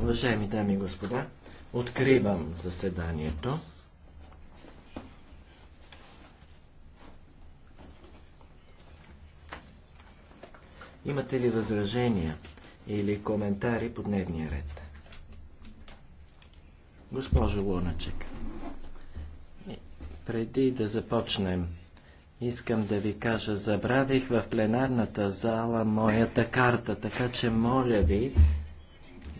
Уважаеми дами и господа, откривам заседанието. Имате ли възражения или коментари по дневния ред? Госпожо Луначек, преди да започнем Искам да ви кажа, забравих в пленарната зала моята карта, така че моля ви,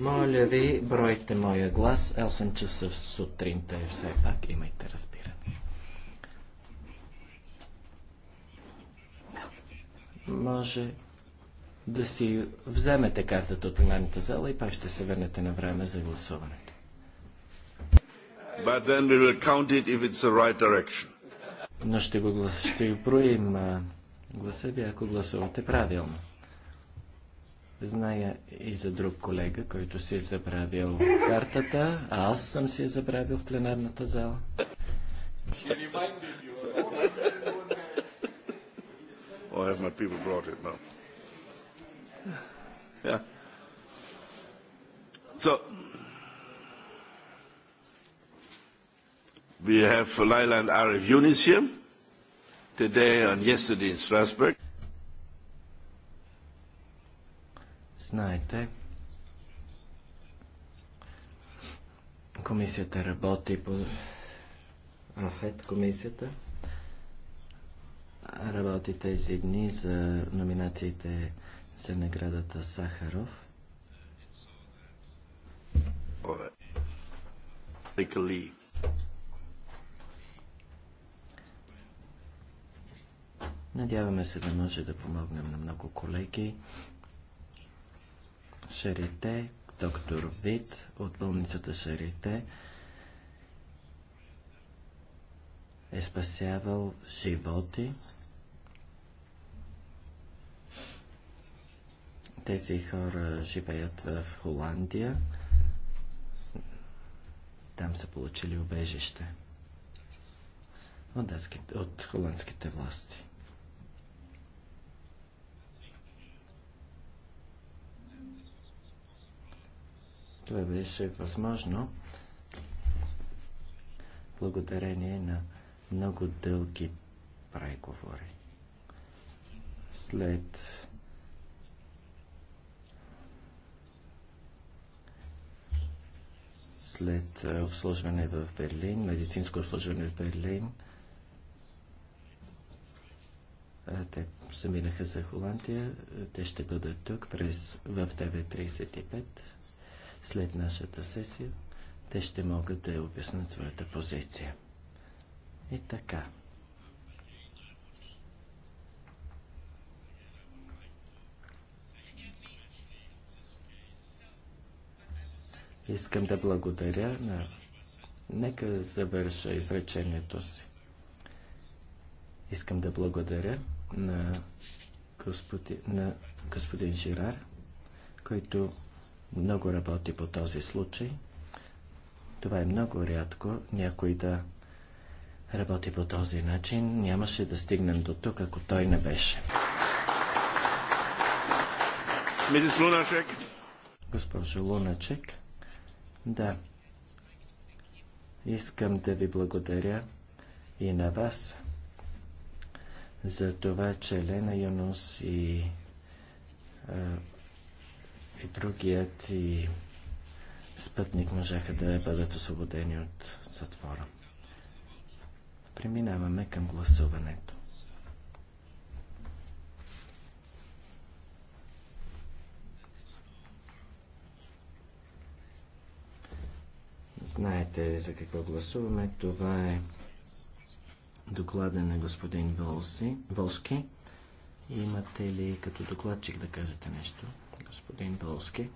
моля ви, бройте моя глас. 8 часа сутринта е все пак, имайте разбиране. Може да си вземете картата от пленарната зала и пак ще се върнете на време за гласуването. But then we will count it if it's the right direction но ще го, глас... ще проим гласа ви, ако гласувате правилно. Зная и за друг колега, който си е забравил картата, а аз съм си е забравил в пленарната зала. have my people brought it now? Yeah. So, We have Laila and Arif Yunis here today and yesterday in Strasbourg. Знаете, комисията работи по АФЕТ комисията работи тези дни за номинациите за наградата Сахаров. Particularly Надяваме се да може да помогнем на много колеги. Шарите, доктор Вит от болницата Шарите е спасявал животи. Тези хора живеят в Холандия. Там са получили убежище от, от холандските власти. Това е беше възможно благодарение на много дълги преговори. След след е, обслужване в Берлин, медицинско обслужване в Берлин, е, те минаха за Холандия. Те ще бъдат тук през, в 9.35. След нашата сесия те ще могат да обяснат своята позиция. И така. Искам да благодаря на... Нека завърша изречението си. Искам да благодаря на, господи... на господин Жирар, който много работи по този случай. Това е много рядко някой да работи по този начин. Нямаше да стигнем до тук, ако той не беше. Мисис Госпожо Луначек, да. Искам да ви благодаря и на вас за това, че Лена Юнус и и другият и спътник можаха да бъдат освободени от затвора. Преминаваме към гласуването. Знаете за какво гласуваме. Това е доклада на господин Волски. Имате ли като докладчик да кажете нещо? господин Болски,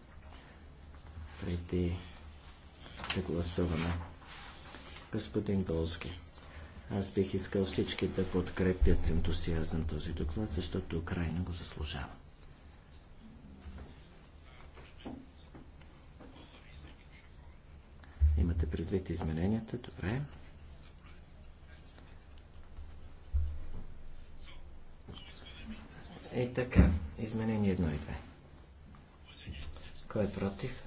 преди да гласуваме. Господин Болски, аз бих искал всички да подкрепят с ентусиазъм този доклад, защото Украина го заслужава. Имате предвид измененията, добре. И така, изменение 1 и 2. Кой е против?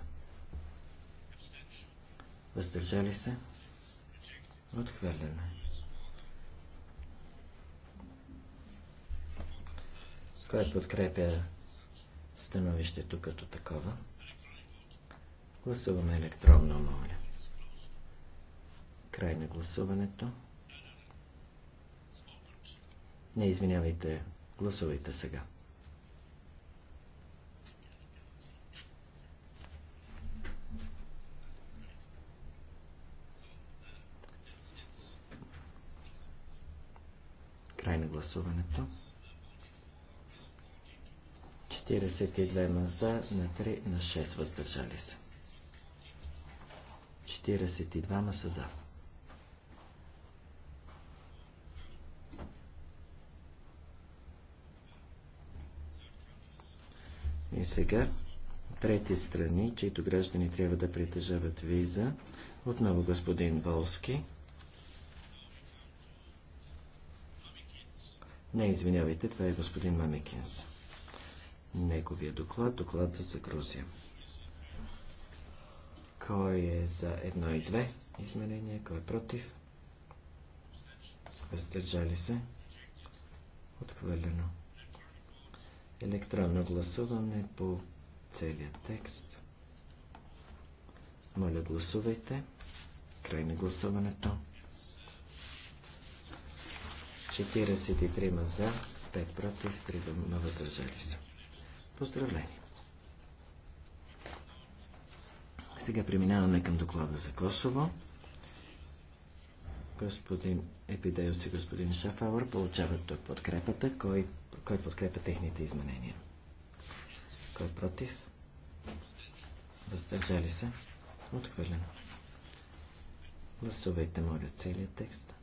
Въздържали се? Отхвърляме. Кой подкрепя становището като такова? Гласуваме електронно, моля. Край на гласуването. Не извинявайте, гласувайте сега. Край на гласуването. 42 за, на 3, на 6 въздържали се. 42 са за. И сега, трети страни, чието граждани трябва да притежават виза, отново господин Волски. Не, извинявайте, това е господин Мамекинс. Неговия доклад, доклада за Грузия. Кой е за едно и две изменения, кой е против? Въздържали се? Отхвърлено. Електронно гласуване по целия текст. Моля, гласувайте. Край на гласуването. 43 за, 5 против, 3 ма въздържали се. Поздравление! Сега преминаваме към доклада за Косово. Господин Епидеус и господин Шафауър получават тук подкрепата. Кой, кой подкрепа техните изменения? Кой против? Въздържали се? Отхвърлено. Гласувайте, моля, целият текст.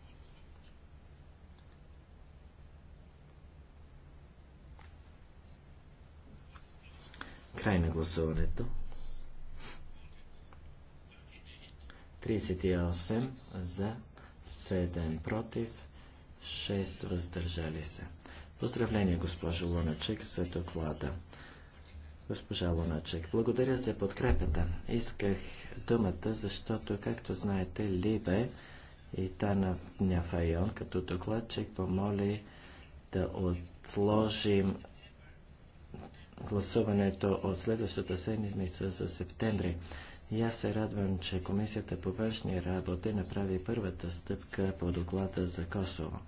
Край на гласуването. 38 за 7 против 6 въздържали се. Поздравление, госпожо Луначек, за доклада. Госпожа Луначек, благодаря за подкрепата. Исках думата, защото, както знаете, Либе и Тана Няфайон като докладчик помоли да отложим гласуването от следващата седмица за септември. И аз се радвам, че Комисията по външни работи направи първата стъпка по доклада за Косово.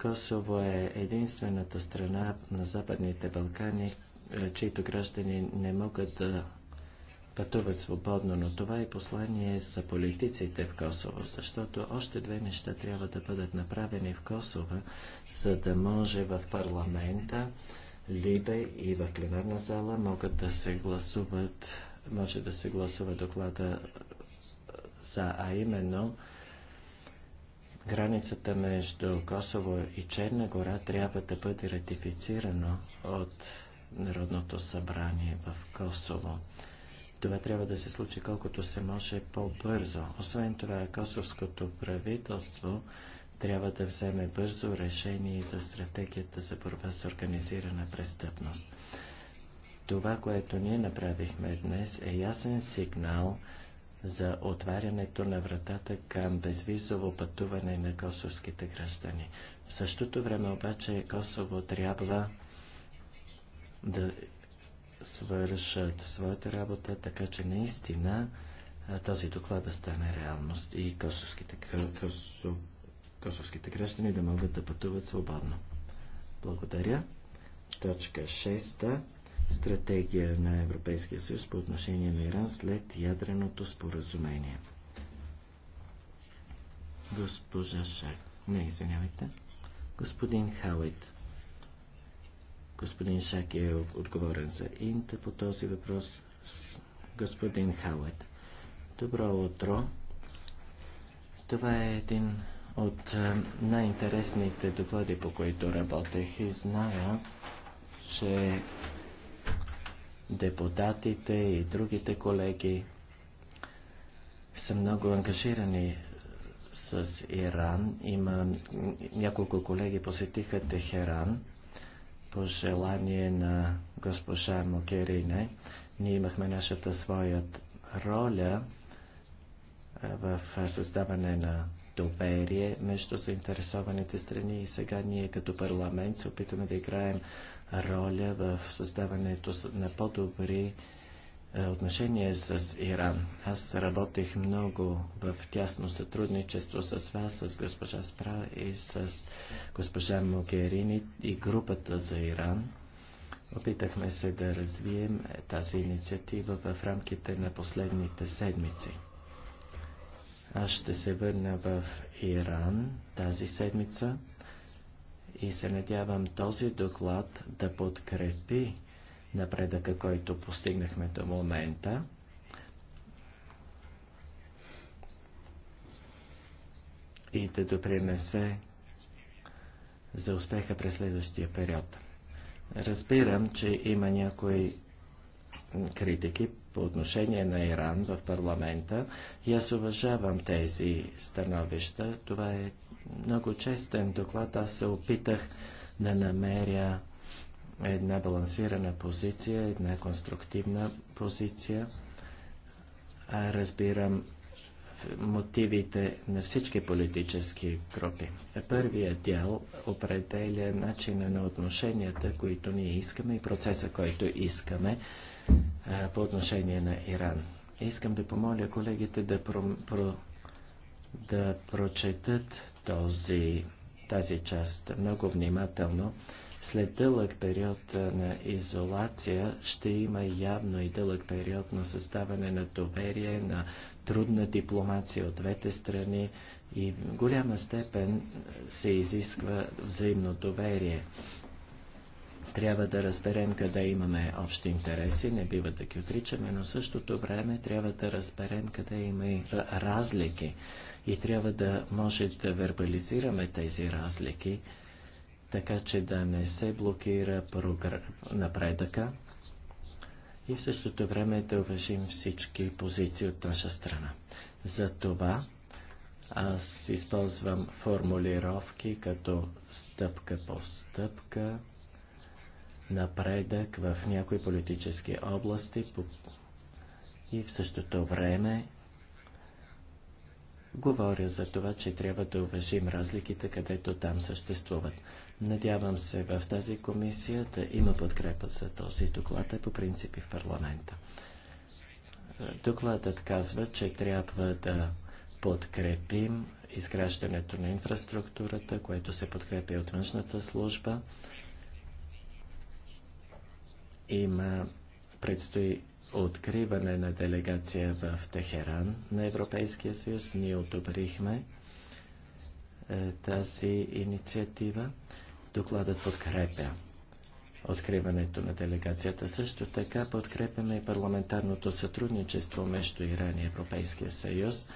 Косово е единствената страна на Западните Балкани, е, чието граждани не могат да пътуват свободно, но това е послание за политиците в Косово, защото още две неща трябва да бъдат направени в Косово, за да може в парламента Либе и в пленарна зала могат да се гласуват, може да се гласува доклада за, а именно границата между Косово и Черна гора трябва да бъде ратифицирано от Народното събрание в Косово. Това трябва да се случи колкото се може по-бързо. Освен това, косовското правителство трябва да вземе бързо решение за стратегията за борба с организирана престъпност. Това, което ние направихме днес, е ясен сигнал за отварянето на вратата към безвизово пътуване на косовските граждани. В същото време обаче Косово трябва да свършат своята работа, така че наистина този доклад да стане реалност и косовските, косов, косовските граждани да могат да пътуват свободно. Благодаря. Точка 6. Стратегия на Европейския съюз по отношение на Иран след ядреното споразумение. Госпожа Шак. Не, извинявайте. Господин Хауит. Господин Шак е отговорен за Инта по този въпрос. С господин Хауит. Добро утро. Това е един от е, най-интересните доклади, по които работех и зная, че депутатите и другите колеги са много ангажирани с Иран. Има няколко колеги посетиха Техеран по желание на госпожа Мокерине. Ние имахме нашата своя роля е, в е, създаване на доверие между заинтересованите страни и сега ние като парламент се опитваме да играем роля в създаването на по-добри е, отношения с Иран. Аз работих много в тясно сътрудничество с вас, с госпожа Спра и с госпожа Могерини и групата за Иран. Опитахме се да развием тази инициатива в рамките на последните седмици. Аз ще се върна в Иран тази седмица и се надявам този доклад да подкрепи напредъка, който постигнахме до момента. и да допринесе за успеха през следващия период. Разбирам, че има някои критики по отношение на Иран в парламента и аз уважавам тези становища. Това е много честен доклад. Аз се опитах да намеря една балансирана позиция, една конструктивна позиция. разбирам мотивите на всички политически групи. Първият дял определя начина на отношенията, които ние искаме и процеса, който искаме по отношение на Иран. Искам да помоля колегите да, про, про, да прочетат този, тази част много внимателно. След дълъг период на изолация ще има явно и дълъг период на съставане на доверие, на трудна дипломация от двете страни и в голяма степен се изисква взаимно доверие. Трябва да разберем къде имаме общи интереси, не бива да ги отричаме, но същото време трябва да разберем къде има и разлики и трябва да може да вербализираме тези разлики, така че да не се блокира напредъка и в същото време да уважим всички позиции от наша страна. За това аз използвам формулировки като стъпка по стъпка, напредък в някои политически области и в същото време говоря за това, че трябва да уважим разликите, където там съществуват. Надявам се в тази комисия да има подкрепа за този доклад, и по принципи в парламента. Докладът казва, че трябва да подкрепим изграждането на инфраструктурата, което се подкрепи от външната служба. Има предстои откриване на делегация в Техеран на Европейския съюз. Ние одобрихме е, тази инициатива. Докладът подкрепя откриването на делегацията. Също така подкрепяме и парламентарното сътрудничество между Иран и Европейския съюз.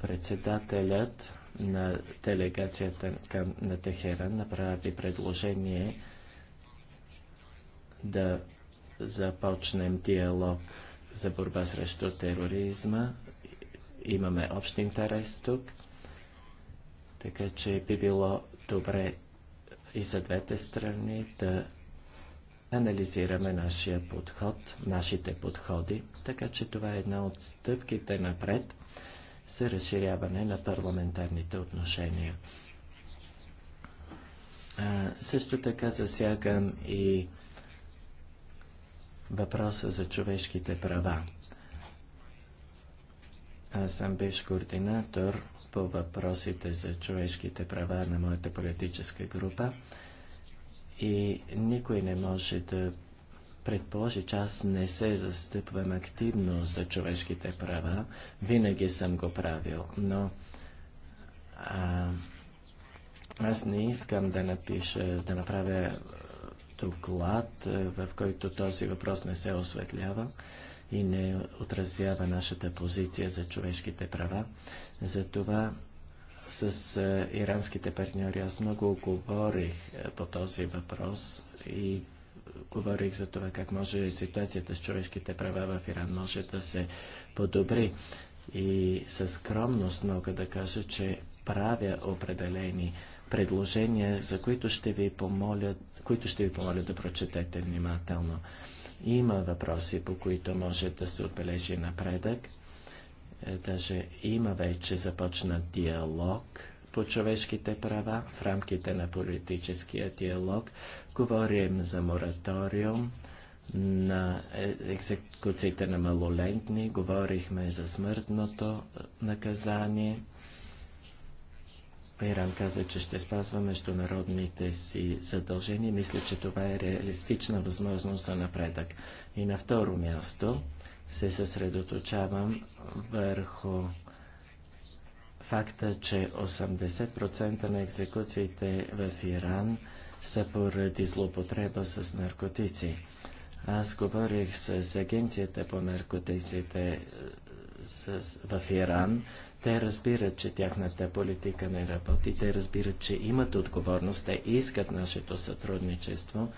Председателят на делегацията към, на Техеран направи предложение да започнем диалог за борба срещу тероризма. Имаме общ интерес тук, така че би било добре и за двете страни да анализираме нашия подход, нашите подходи, така че това е една от стъпките напред за разширяване на парламентарните отношения. А, също така засягам и въпроса за човешките права. Аз съм бивш координатор по въпросите за човешките права на моята политическа група и никой не може да предположи, че аз не се застъпвам активно за човешките права. Винаги съм го правил, но а, аз не искам да напиша, да направя доклад, в който този въпрос не се осветлява и не отразява нашата позиция за човешките права. Затова с е, иранските партньори аз много говорих е, по този въпрос и говорих за това как може ситуацията с човешките права в Иран може да се подобри. И със скромност мога да кажа, че правя определени предложения, за които ще ви помоля, които ще ви помоля да прочетете внимателно. Има въпроси, по които може да се отбележи напредък. Е, даже има вече започнат диалог по човешките права в рамките на политическия диалог. Говорим за мораториум на е, екзекуциите на малолентни. говорихме за смъртното наказание. Иран каза, че ще спазва международните си задължения. Мисля, че това е реалистична възможност за напредък. И на второ място се съсредоточавам върху факта, че 80% на екзекуциите в Иран са поради злопотреба с наркотици. Аз говорих с агенцията по наркотиците в Иран те разбират, че тяхната политика не работи, те разбират, че имат отговорност, те искат нашето сътрудничество.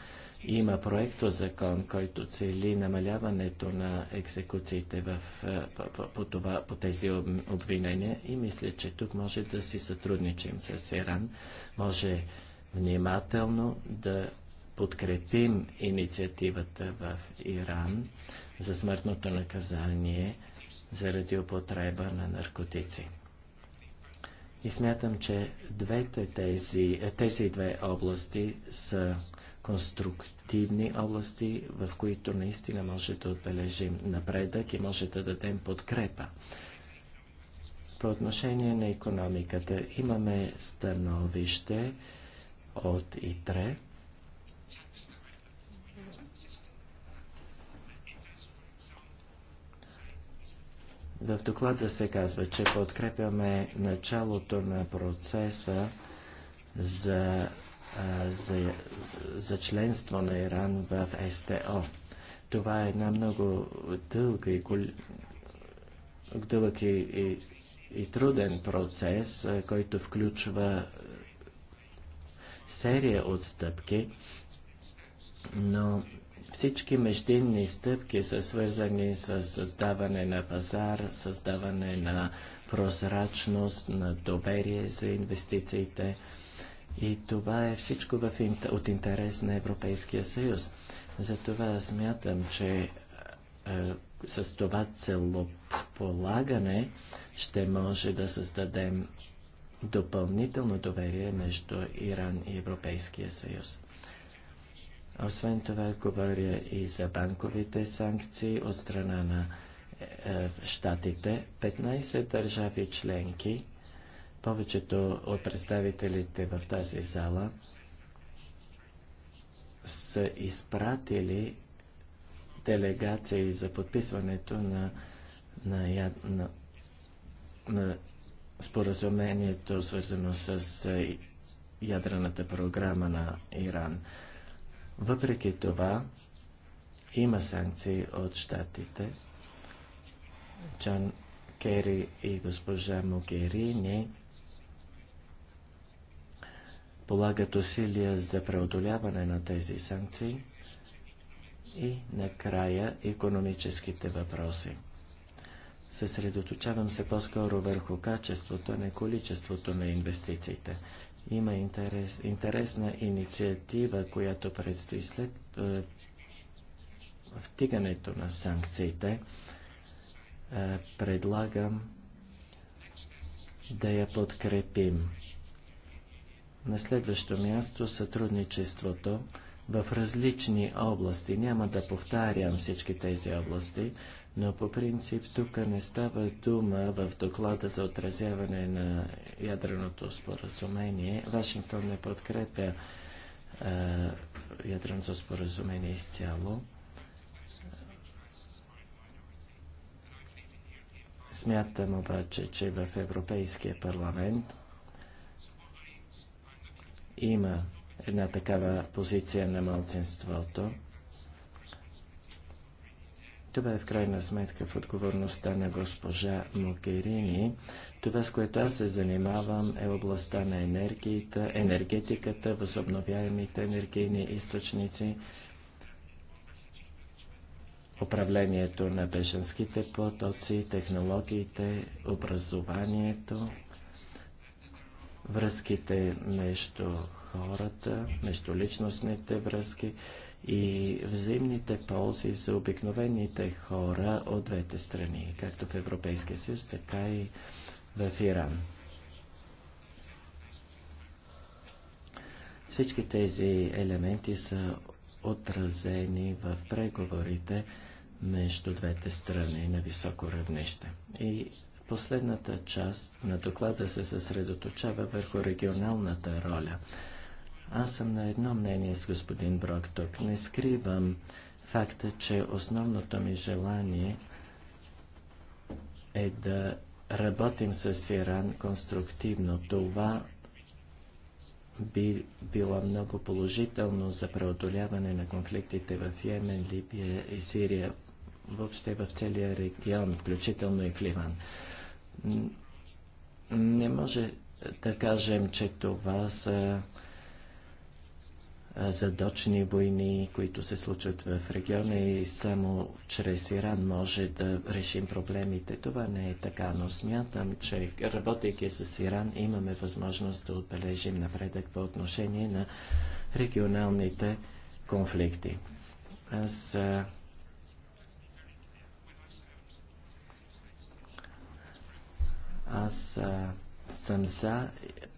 Има проекто закон, който цели намаляването на екзекуциите в, е, по, по, това, по тези обвинения и мисля, че тук може да си сътрудничим с Иран. Може внимателно да подкрепим инициативата в Иран за смъртното наказание – заради употреба на наркотици. И смятам, че двете тези, тези две области са конструктивни области, в които наистина може да отбележим напредък и може да дадем подкрепа. По отношение на економиката имаме становище от ИТРЕ, В доклада се казва, че подкрепяме началото на процеса за, за, за членство на Иран в СТО. Това е една много дълга и, дълъг и, и, и труден процес, който включва серия от стъпки, но всички междинни стъпки са свързани с създаване на пазар, създаване на прозрачност, на доверие за инвестициите. И това е всичко в, от интерес на Европейския съюз. Затова смятам, че е, с това целополагане ще може да създадем допълнително доверие между Иран и Европейския съюз. Освен това, говоря и за банковите санкции от страна на е, щатите. 15 държави членки, повечето от представителите в тази зала, са изпратили делегации за подписването на, на, на, на споразумението, свързано с е, ядрената програма на Иран. Въпреки това, има санкции от щатите. Джон Кери и госпожа Могерини полагат усилия за преодоляване на тези санкции и накрая економическите въпроси. Съсредоточавам се по-скоро върху качеството, а не количеството на инвестициите. Има интерес, интересна инициатива, която предстои след е, втигането на санкциите. Е, предлагам да я подкрепим. На следващо място сътрудничеството в различни области. Няма да повтарям всички тези области, но по принцип тук не става дума в доклада за отразяване на ядреното споразумение. Вашингтон не подкрепя е, ядреното споразумение изцяло. Смятам обаче, че в Европейския парламент има една такава позиция на мълцинството. Това е в крайна сметка в отговорността на госпожа Могерини. Това, с което аз се занимавам, е областта на енергията, енергетиката, възобновяемите енергийни източници, управлението на бешенските потоци, технологиите, образованието, връзките между хората, междуличностните връзки и взаимните ползи за обикновените хора от двете страни, както в Европейския съюз, така и в Иран. Всички тези елементи са отразени в преговорите между двете страни на високо равнище. И последната част на доклада се съсредоточава върху регионалната роля – аз съм на едно мнение с господин Брок тук. Не скривам факта, че основното ми желание е да работим с Иран конструктивно. Това би било много положително за преодоляване на конфликтите в Йемен, Либия и Сирия, въобще в целия регион, включително и в Ливан. Не може да кажем, че това са задочни войни, които се случват в региона и само чрез Иран може да решим проблемите. Това не е така, но смятам, че работейки с Иран имаме възможност да отбележим напредък по отношение на регионалните конфликти. Аз Аз съм за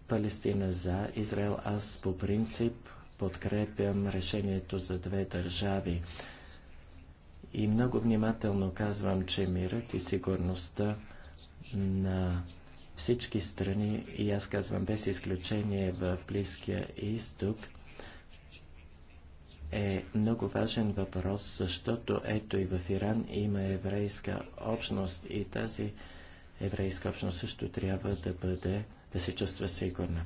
Палестина, за Израел. Аз по принцип подкрепям решението за две държави. И много внимателно казвам, че мирът и сигурността на всички страни, и аз казвам без изключение в Близкия изток, е много важен въпрос, защото ето и в Иран има еврейска общност и тази еврейска общност също трябва да бъде, да се чувства сигурна.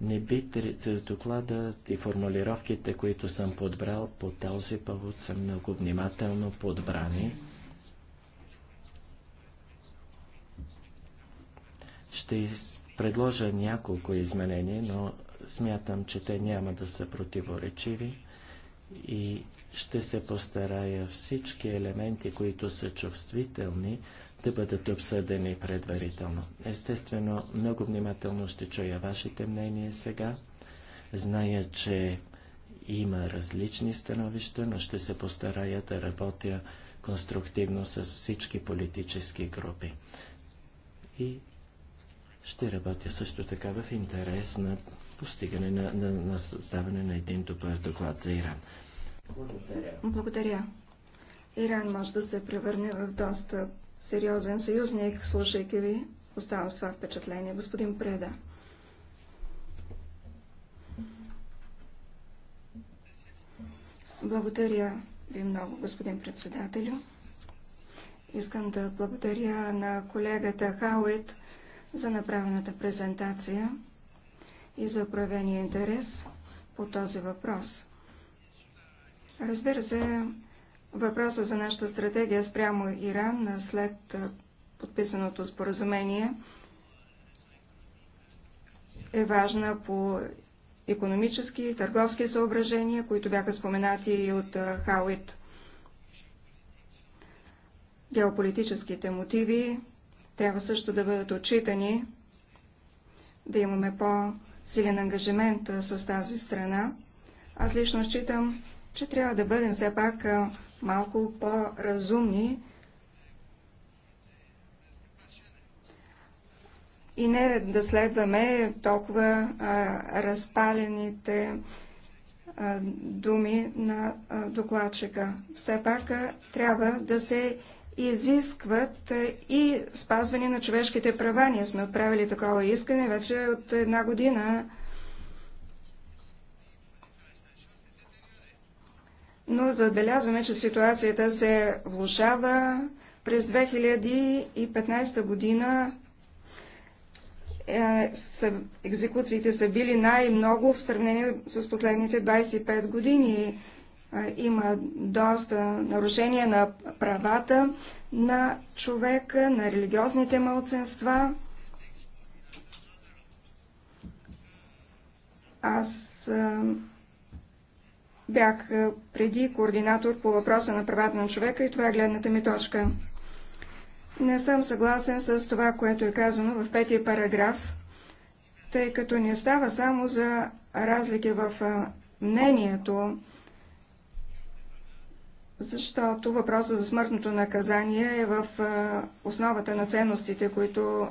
Не би докладът и формулировките, които съм подбрал по този повод, са много внимателно подбрани. Ще предложа няколко изменения, но смятам, че те няма да са противоречиви и ще се постарая всички елементи, които са чувствителни, да бъдат обсъдени предварително. Естествено, много внимателно ще чуя вашите мнения сега. Зная, че има различни становища, но ще се постарая да работя конструктивно с всички политически групи. И ще работя също така в интерес на постигане на, на, на създаване на един добър доклад за Иран. Благодаря. Благодаря. Иран може да се превърне в доста сериозен съюзник, слушайки ви. Оставам с това впечатление. Господин Преда. Благодаря ви много, господин председателю. Искам да благодаря на колегата Хауит за направената презентация и за проявения интерес по този въпрос. Разбира се, въпроса за нашата стратегия спрямо Иран след подписаното споразумение е важна по економически и търговски съображения, които бяха споменати и от Хауит. Геополитическите мотиви трябва също да бъдат отчитани, да имаме по-силен ангажимент с тази страна. Аз лично считам, че трябва да бъдем все пак малко по-разумни и не да следваме толкова а, разпалените а, думи на а, докладчика. Все пак а, трябва да се изискват и спазване на човешките права. Ние сме отправили такова искане вече от една година но забелязваме, че ситуацията се влушава. През 2015 година е, са, екзекуциите са били най-много в сравнение с последните 25 години. Е, има доста нарушения на правата на човека, на религиозните мълценства. Аз е, Бях е, преди координатор по въпроса на правата на човека и това е гледната ми точка. Не съм съгласен с това, което е казано в петия параграф, тъй като не става само за разлики в е, мнението, защото въпросът за смъртното наказание е в е, основата на ценностите, които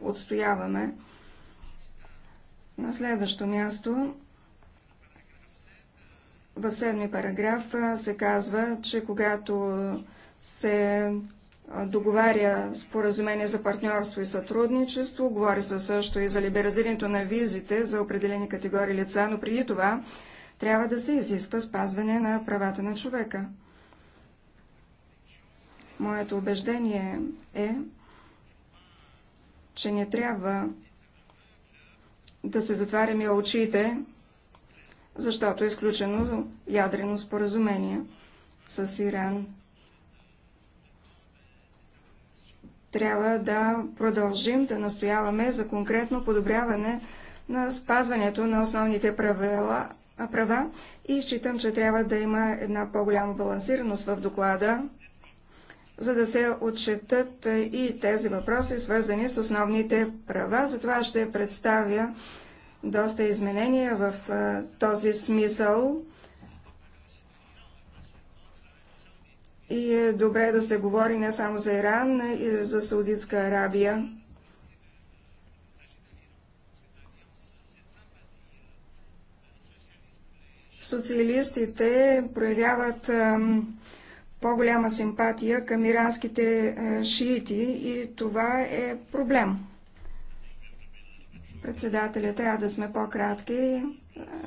отстояваме. На следващо място в седми параграф се казва, че когато се договаря споразумение за партньорство и сътрудничество, говори се също и за либерализирането на визите за определени категории лица, но преди това трябва да се изисква спазване на правата на човека. Моето убеждение е, че не трябва да се затваряме очите защото е изключено ядрено споразумение с Иран. Трябва да продължим да настояваме за конкретно подобряване на спазването на основните правила, права и считам, че трябва да има една по-голяма балансираност в доклада, за да се отчетат и тези въпроси, свързани с основните права. Затова ще представя доста изменения в този смисъл. И е добре да се говори не само за Иран, но и за Саудитска Арабия. Социалистите проявяват по-голяма симпатия към иранските шиити и това е проблем. Председателя, трябва да сме по-кратки,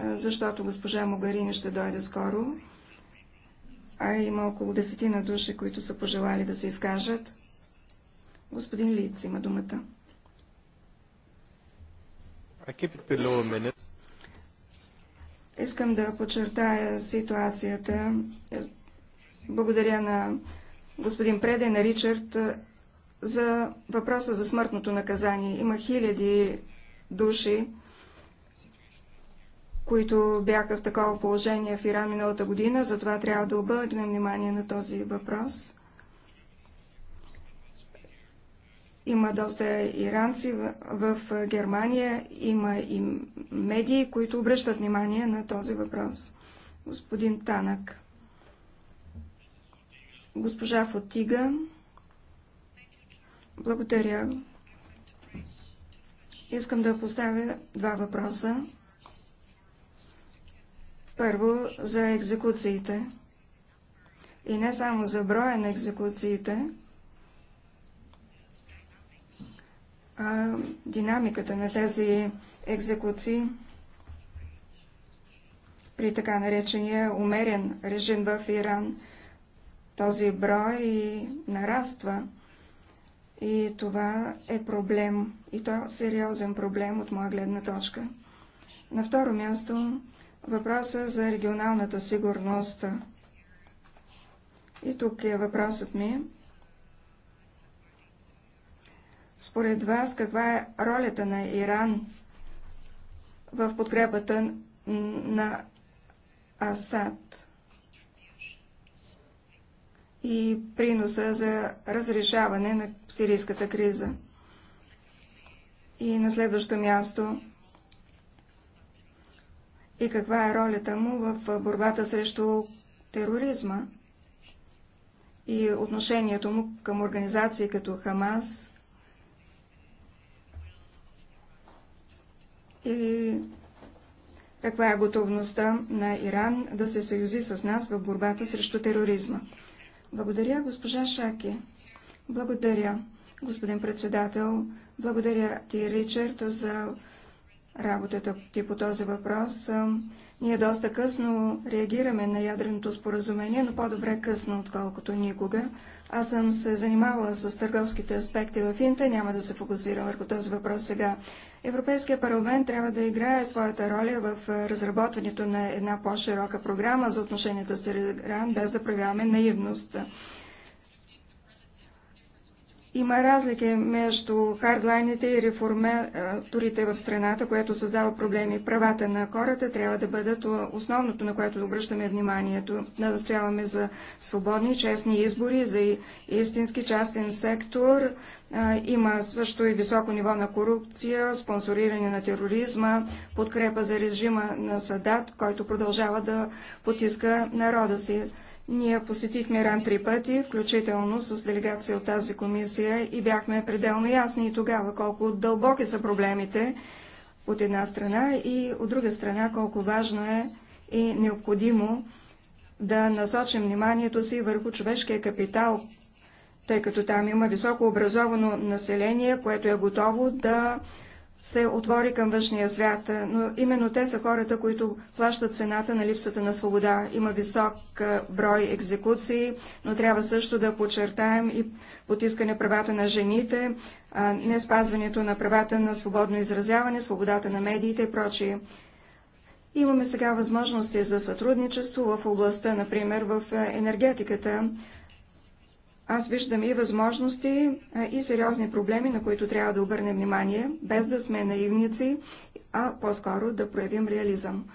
защото госпожа Могарини ще дойде скоро, а има около десетина души, които са пожелали да се изкажат. Господин Лиц има думата. Искам да подчертая ситуацията. Благодаря на господин Преде, на Ричард, за въпроса за смъртното наказание. Има хиляди души, които бяха в такова положение в Иран миналата година, затова трябва да обърнем внимание на този въпрос. Има доста иранци в, в Германия, има и медии, които обръщат внимание на този въпрос. Господин Танък. Госпожа Фотига. Благодаря. Искам да поставя два въпроса. Първо, за екзекуциите. И не само за броя на екзекуциите, а динамиката на тези екзекуции при така наречения умерен режим в Иран. Този брой нараства. И това е проблем, и то сериозен проблем от моя гледна точка. На второ място въпроса за регионалната сигурност. И тук е въпросът ми. Според вас, каква е ролята на Иран в подкрепата на Асад? и приноса за разрешаване на сирийската криза. И на следващо място и каква е ролята му в борбата срещу тероризма и отношението му към организации като Хамас и каква е готовността на Иран да се съюзи с нас в борбата срещу тероризма. Благодаря, госпожа Шаки. Благодаря, господин председател. Благодаря ти, Ричард, за работата ти по този въпрос. Ние доста късно реагираме на ядреното споразумение, но по-добре късно, отколкото никога. Аз съм се занимавала с търговските аспекти в Инта, няма да се фокусирам върху този въпрос сега. Европейския парламент трябва да играе своята роля в разработването на една по-широка програма за отношенията с Иран, без да проявяваме наивност. Има разлики между хардлайните и реформаторите в страната, което създава проблеми. Правата на хората трябва да бъдат основното, на което обръщаме вниманието. Да настояваме за свободни, честни избори, за истински частен сектор. Има също и високо ниво на корупция, спонсориране на тероризма, подкрепа за режима на Садат, който продължава да потиска народа си. Ние посетихме Иран три пъти, включително с делегация от тази комисия и бяхме пределно ясни и тогава колко дълбоки са проблемите от една страна и от друга страна колко важно е и необходимо да насочим вниманието си върху човешкия капитал, тъй като там има високо образовано население, което е готово да се отвори към външния свят, но именно те са хората, които плащат цената на липсата на свобода. Има висок брой екзекуции, но трябва също да подчертаем и потискане правата на жените, не спазването на правата на свободно изразяване, свободата на медиите и прочие. Имаме сега възможности за сътрудничество в областта, например, в енергетиката аз виждам и възможности, и сериозни проблеми, на които трябва да обърнем внимание, без да сме наивници, а по-скоро да проявим реализъм.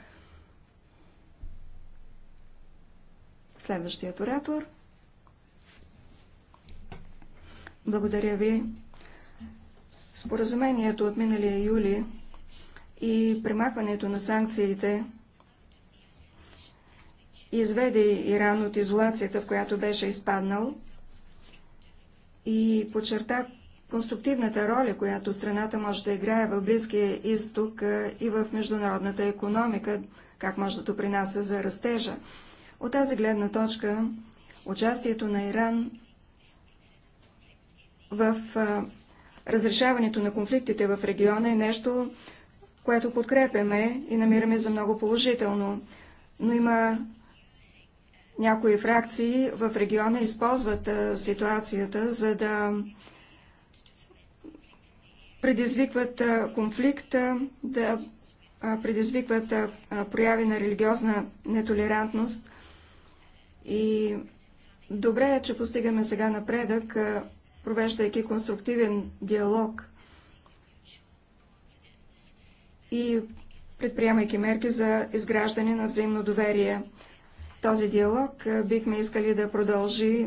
Следващият оратор. Благодаря ви. Споразумението от миналия юли и премахването на санкциите изведе Иран от изолацията, в която беше изпаднал и подчерта конструктивната роля, която страната може да играе в Близкия изток и в международната економика, как може да допринася за растежа. От тази гледна точка, участието на Иран в разрешаването на конфликтите в региона е нещо, което подкрепяме и намираме за много положително. Но има някои фракции в региона използват ситуацията, за да предизвикват конфликт, да предизвикват прояви на религиозна нетолерантност. И добре е, че постигаме сега напредък, провеждайки конструктивен диалог и предприемайки мерки за изграждане на взаимно доверие. Този диалог бихме искали да продължи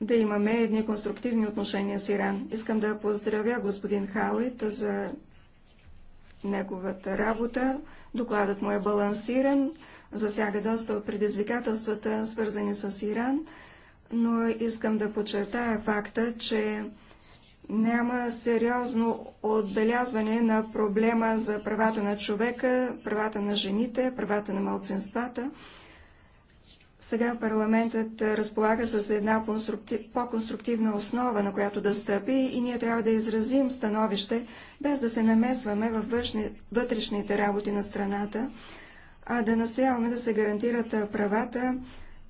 да имаме едни конструктивни отношения с Иран. Искам да поздравя господин Халит за неговата работа. Докладът му е балансиран, засяга доста от предизвикателствата, свързани с Иран, но искам да подчертая факта, че няма сериозно отбелязване на проблема за правата на човека, правата на жените, правата на малцинствата. Сега парламентът разполага с една по-конструктивна основа, на която да стъпи и ние трябва да изразим становище, без да се намесваме във вътрешните работи на страната, а да настояваме да се гарантират правата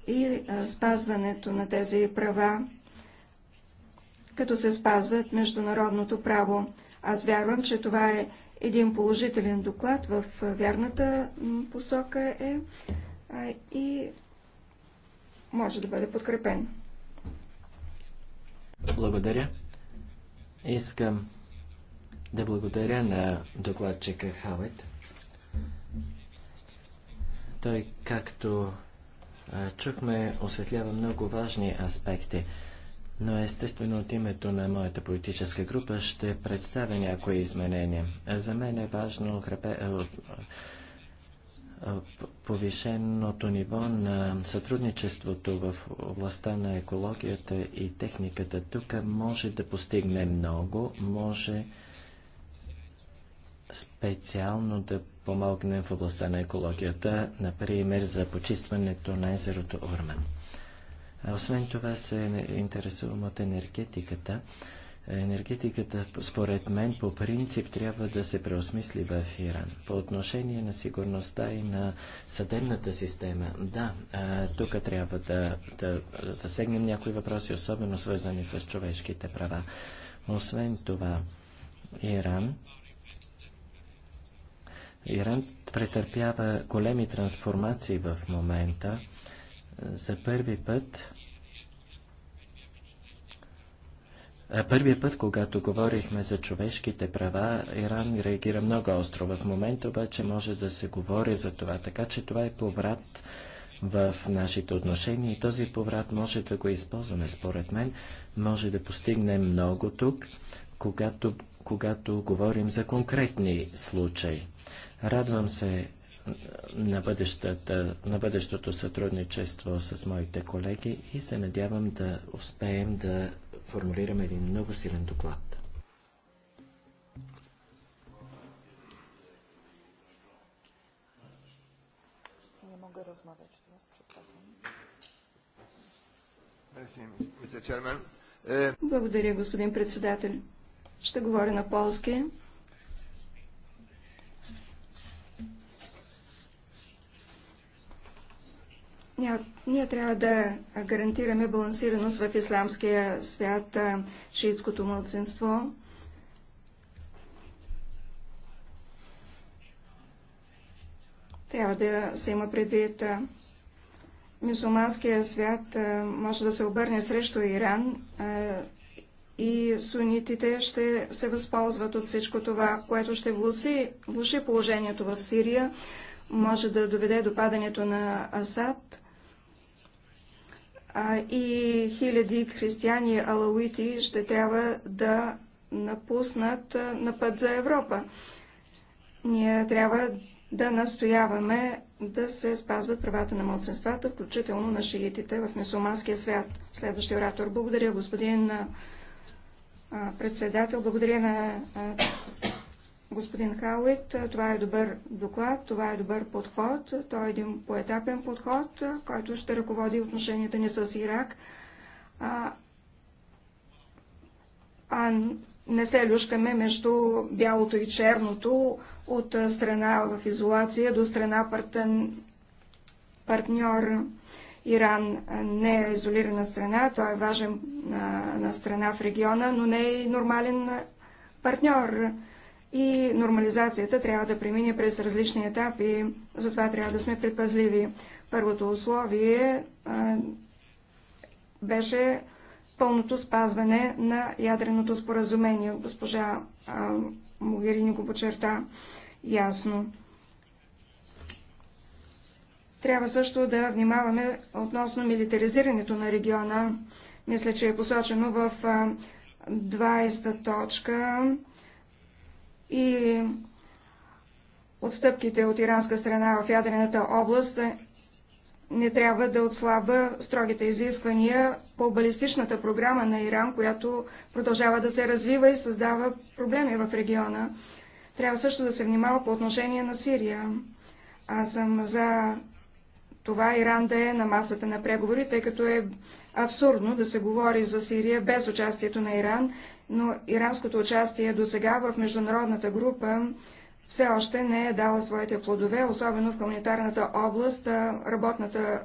и спазването на тези права като се спазват международното право. Аз вярвам, че това е един положителен доклад в вярната посока е и може да бъде подкрепен. Благодаря. Искам да благодаря на докладчика Хавет. Той, както чухме, осветлява много важни аспекти но естествено от името на моята политическа група ще представя някои изменения. За мен е важно е, е, повишеното ниво на сътрудничеството в областта на екологията и техниката. Тук може да постигне много, може специално да помогне в областта на екологията, например за почистването на езерото Орман. Освен това се интересувам от енергетиката. Енергетиката, според мен, по принцип трябва да се преосмисли в Иран. По отношение на сигурността и на съдебната система, да, тук трябва да, да засегнем някои въпроси, особено свързани с човешките права. Освен това, Иран. Иран претърпява големи трансформации в момента. За първи път Първият път, когато говорихме за човешките права, Иран реагира много остро. В момента обаче може да се говори за това. Така че това е поврат в нашите отношения и този поврат може да го използваме. Според мен може да постигнем много тук, когато, когато говорим за конкретни случаи. Радвам се на, на бъдещото сътрудничество с моите колеги и се надявам да успеем да формулираме един много силен доклад. Е, Благодаря, господин председател. Ще говоря на полски. Ние трябва да гарантираме балансираност в исламския свят, шиитското мълцинство. Трябва да се има предвид Мюсулманския свят може да се обърне срещу Иран и сунитите ще се възползват от всичко това, което ще влуши, влуши положението в Сирия, може да доведе до падането на Асад и хиляди християни алауити ще трябва да напуснат на път за Европа. Ние трябва да настояваме да се спазват правата на младсенствата, включително на шиитите в мусулманския свят. Следващия оратор. Благодаря, господин председател. Благодаря на господин Хауит. Това е добър доклад, това е добър подход. Той е един поетапен подход, който ще ръководи отношенията ни с Ирак. А, а не се люшкаме между бялото и черното от страна в изолация до страна партен, партньор. Иран не е изолирана страна, той е важен на, страна в региона, но не е и нормален партньор и нормализацията трябва да премине през различни етапи, затова трябва да сме предпазливи. Първото условие а, беше пълното спазване на ядреното споразумение. Госпожа а, Могерини го почерта ясно. Трябва също да внимаваме относно милитаризирането на региона. Мисля, че е посочено в 20 точка и отстъпките от иранска страна в ядрената област не трябва да отслабва строгите изисквания по балистичната програма на Иран, която продължава да се развива и създава проблеми в региона. Трябва също да се внимава по отношение на Сирия. Аз съм за това Иран да е на масата на преговори, тъй като е абсурдно да се говори за Сирия без участието на Иран но иранското участие до сега в международната група все още не е дала своите плодове, особено в хуманитарната област. Работната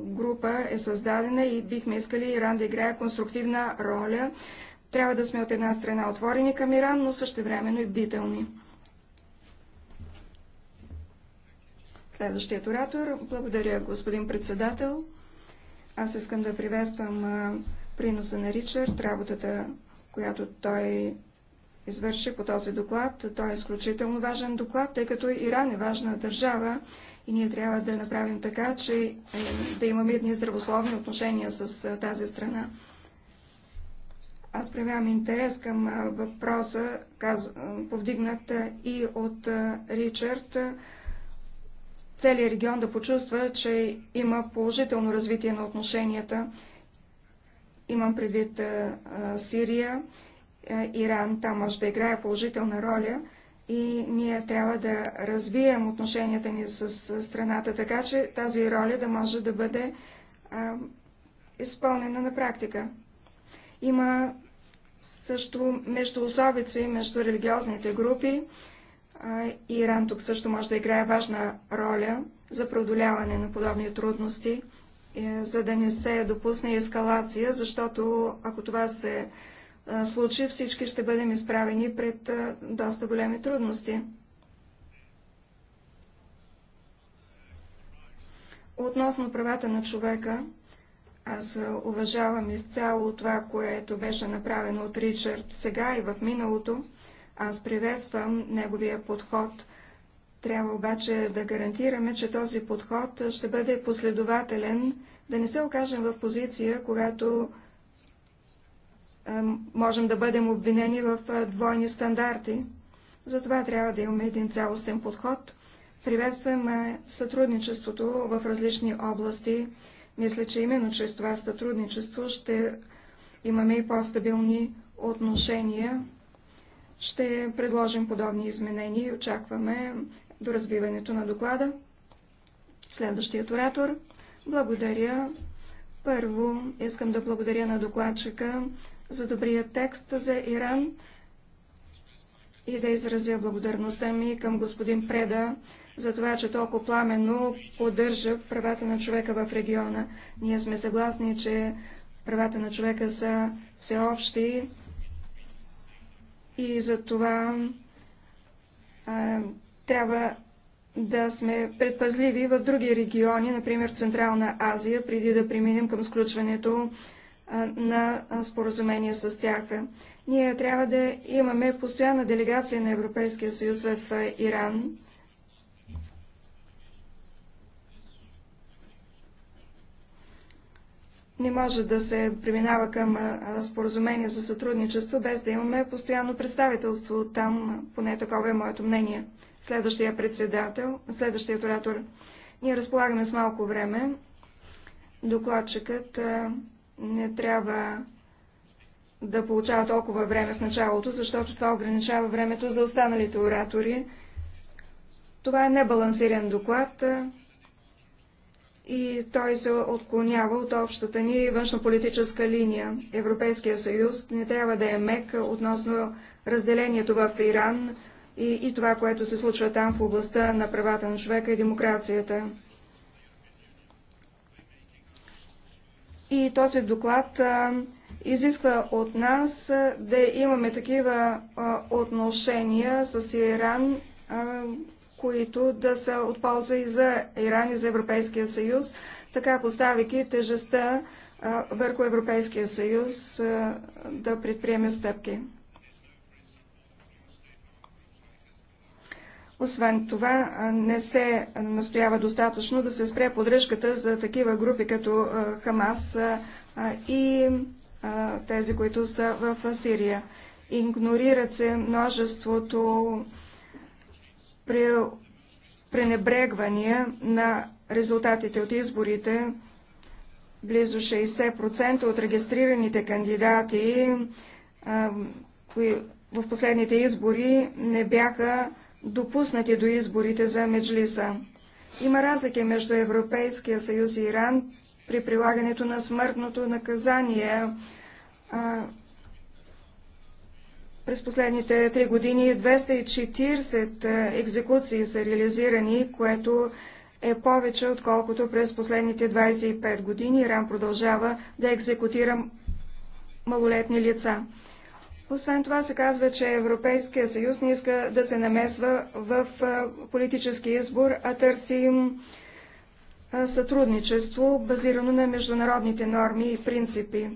група е създадена и бихме искали Иран да играе конструктивна роля. Трябва да сме от една страна отворени към Иран, но същевременно и бдителни. Следващият оратор. Благодаря, господин председател. Аз искам да приветствам приноса на Ричард, работата която той извърши по този доклад. Той е изключително важен доклад, тъй като Иран е важна държава и ние трябва да направим така, че е, да имаме едни здравословни отношения с е, тази страна. Аз проявявам интерес към е, въпроса, каз... повдигнат и от Ричард, целият регион да почувства, че има положително развитие на отношенията. Имам предвид Сирия, Иран, там може да играе положителна роля и ние трябва да развием отношенията ни с страната, така че тази роля да може да бъде а, изпълнена на практика. Има също между особици, между религиозните групи. А, Иран тук също може да играе важна роля за преодоляване на подобни трудности. Е, за да не се допусне ескалация, защото ако това се е, случи, всички ще бъдем изправени пред е, доста големи трудности. Относно правата на човека, аз уважавам изцяло това, което беше направено от Ричард сега и в миналото. Аз приветствам неговия подход – трябва обаче да гарантираме, че този подход ще бъде последователен, да не се окажем в позиция, когато можем да бъдем обвинени в двойни стандарти. Затова трябва да имаме един цялостен подход. Приветстваме сътрудничеството в различни области. Мисля, че именно чрез това сътрудничество ще имаме и по-стабилни отношения. Ще предложим подобни изменения и очакваме до развиването на доклада. Следващият оратор. Благодаря. Първо искам да благодаря на докладчика за добрия текст за Иран и да изразя благодарността ми към господин Преда за това, че толкова пламенно поддържа правата на човека в региона. Ние сме съгласни, че правата на човека са всеобщи и за това трябва да сме предпазливи в други региони, например Централна Азия, преди да преминем към сключването на споразумение с тях. Ние трябва да имаме постоянна делегация на Европейския съюз в Иран, не може да се преминава към споразумение за сътрудничество, без да имаме постоянно представителство там, поне такова е моето мнение. Следващия председател, следващият оратор. Ние разполагаме с малко време. Докладчикът не трябва да получава толкова време в началото, защото това ограничава времето за останалите оратори. Това е небалансиран доклад и той се отклонява от общата ни външнополитическа линия. Европейския съюз не трябва да е мек относно разделението в Иран и, и това, което се случва там в областта на правата на човека и демокрацията. И този доклад а, изисква от нас а, да имаме такива а, отношения с Иран, а, които да са от полза и за Иран и за Европейския съюз, така поставяйки тежестта върху Европейския съюз да предприеме стъпки. Освен това, не се настоява достатъчно да се спре подръжката за такива групи като Хамас и тези, които са в Сирия. Игнорират се множеството при пренебрегвания на резултатите от изборите. Близо 60% от регистрираните кандидати в последните избори не бяха допуснати до изборите за Меджлиса. Има разлики между Европейския съюз и Иран при прилагането на смъртното наказание. През последните три години 240 е, екзекуции са реализирани, което е повече, отколкото през последните 25 години Иран продължава да екзекутира малолетни лица. Освен това се казва, че Европейския съюз не иска да се намесва в е, политически избор, а търси е, сътрудничество, базирано на международните норми и принципи.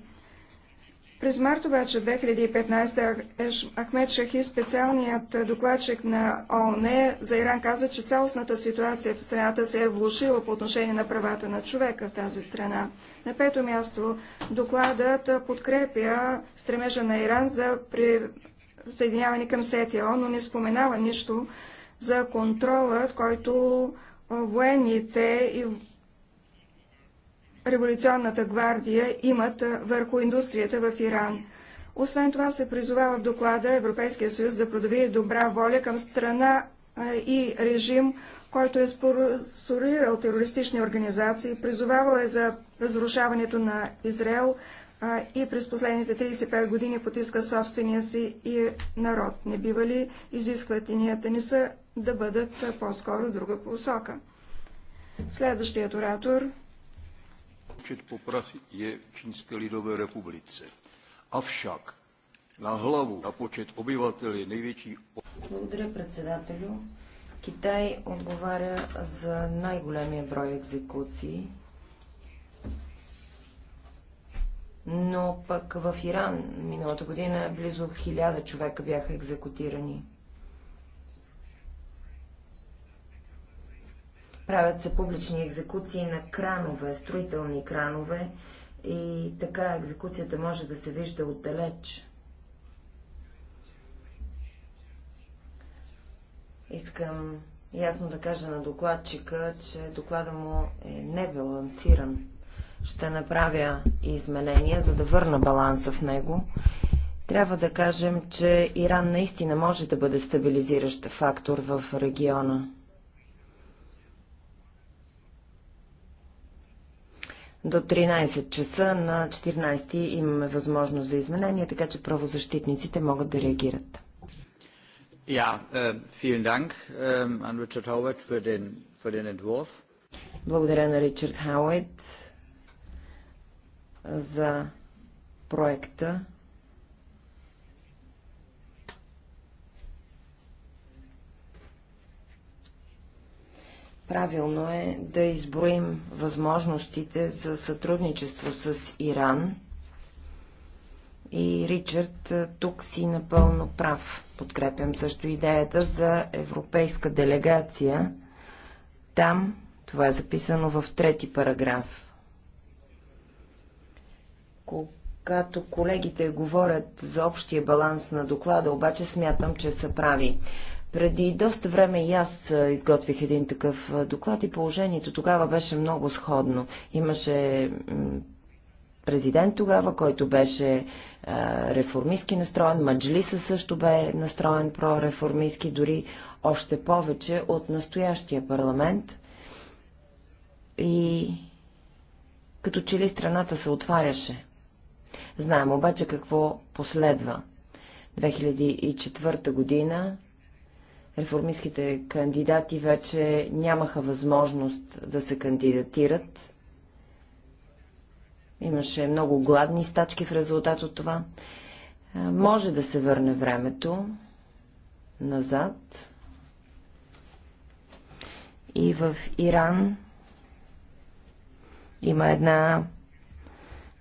През март обаче 2015 Ахмед Шахи, специалният е, докладчик на ООН за Иран, каза, че цялостната ситуация в страната се е влушила по отношение на правата на човека в тази страна. На пето място докладът е, подкрепя стремежа на Иран за присъединяване към СТО, но не споменава нищо за контролът, който е, военните и революционната гвардия имат върху индустрията в Иран. Освен това се призовава в доклада Европейския съюз да продави добра воля към страна и режим, който е спонсорирал терористични организации, призовавал е за разрушаването на Израел и през последните 35 години потиска собствения си и народ. Не бива ли изискванията ни са да бъдат по-скоро друга посока? Следващият оратор Počet poprav je v Čínské lidové republice. Avšak na hlavu a počet obyvatel je největší... Благодаря, председателю. Китай отговаря за най-големия брой екзекуции, но пък в Иран миналата година близо хиляда човека бяха екзекутирани. Правят се публични екзекуции на кранове, строителни кранове и така екзекуцията може да се вижда отдалеч. Искам ясно да кажа на докладчика, че доклада му е небалансиран. Ще направя изменения, за да върна баланса в него. Трябва да кажем, че Иран наистина може да бъде стабилизиращ фактор в региона. До 13 часа на 14 имаме възможност за изменения, така че правозащитниците могат да реагират. Ja, äh, vielen Dank э, an Richard Howard für den, für den Entwurf. Благодаря на Ричард Хауайт за проекта. Правилно е да изброим възможностите за сътрудничество с Иран. И Ричард, тук си напълно прав. Подкрепям също идеята за европейска делегация. Там това е записано в трети параграф. Когато колегите говорят за общия баланс на доклада, обаче смятам, че са прави. Преди доста време и аз изготвих един такъв доклад и положението тогава беше много сходно. Имаше президент тогава, който беше реформистски настроен, Маджлиса също бе настроен прореформистски, дори още повече от настоящия парламент. И като че ли страната се отваряше. Знаем обаче какво последва. 2004 година реформистските кандидати вече нямаха възможност да се кандидатират. Имаше много гладни стачки в резултат от това. Може да се върне времето назад. И в Иран има една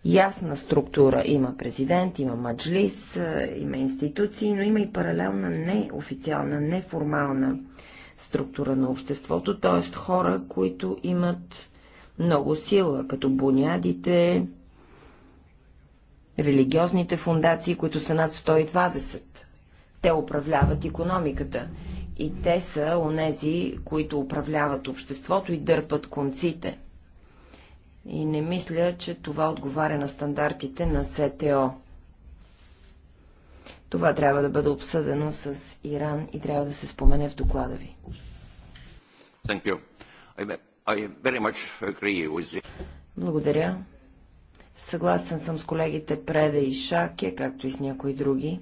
ясна структура. Има президент, има маджлис, е, има институции, но има и паралелна неофициална, неформална структура на обществото, т.е. хора, които имат много сила, като бунядите, религиозните фундации, които са над 120. Те управляват економиката и те са онези, които управляват обществото и дърпат конците. И не мисля, че това отговаря на стандартите на СТО. Това трябва да бъде обсъдено с Иран и трябва да се спомене в доклада ви. Благодаря. Съгласен съм с колегите Преда и Шаке, както и с някои други.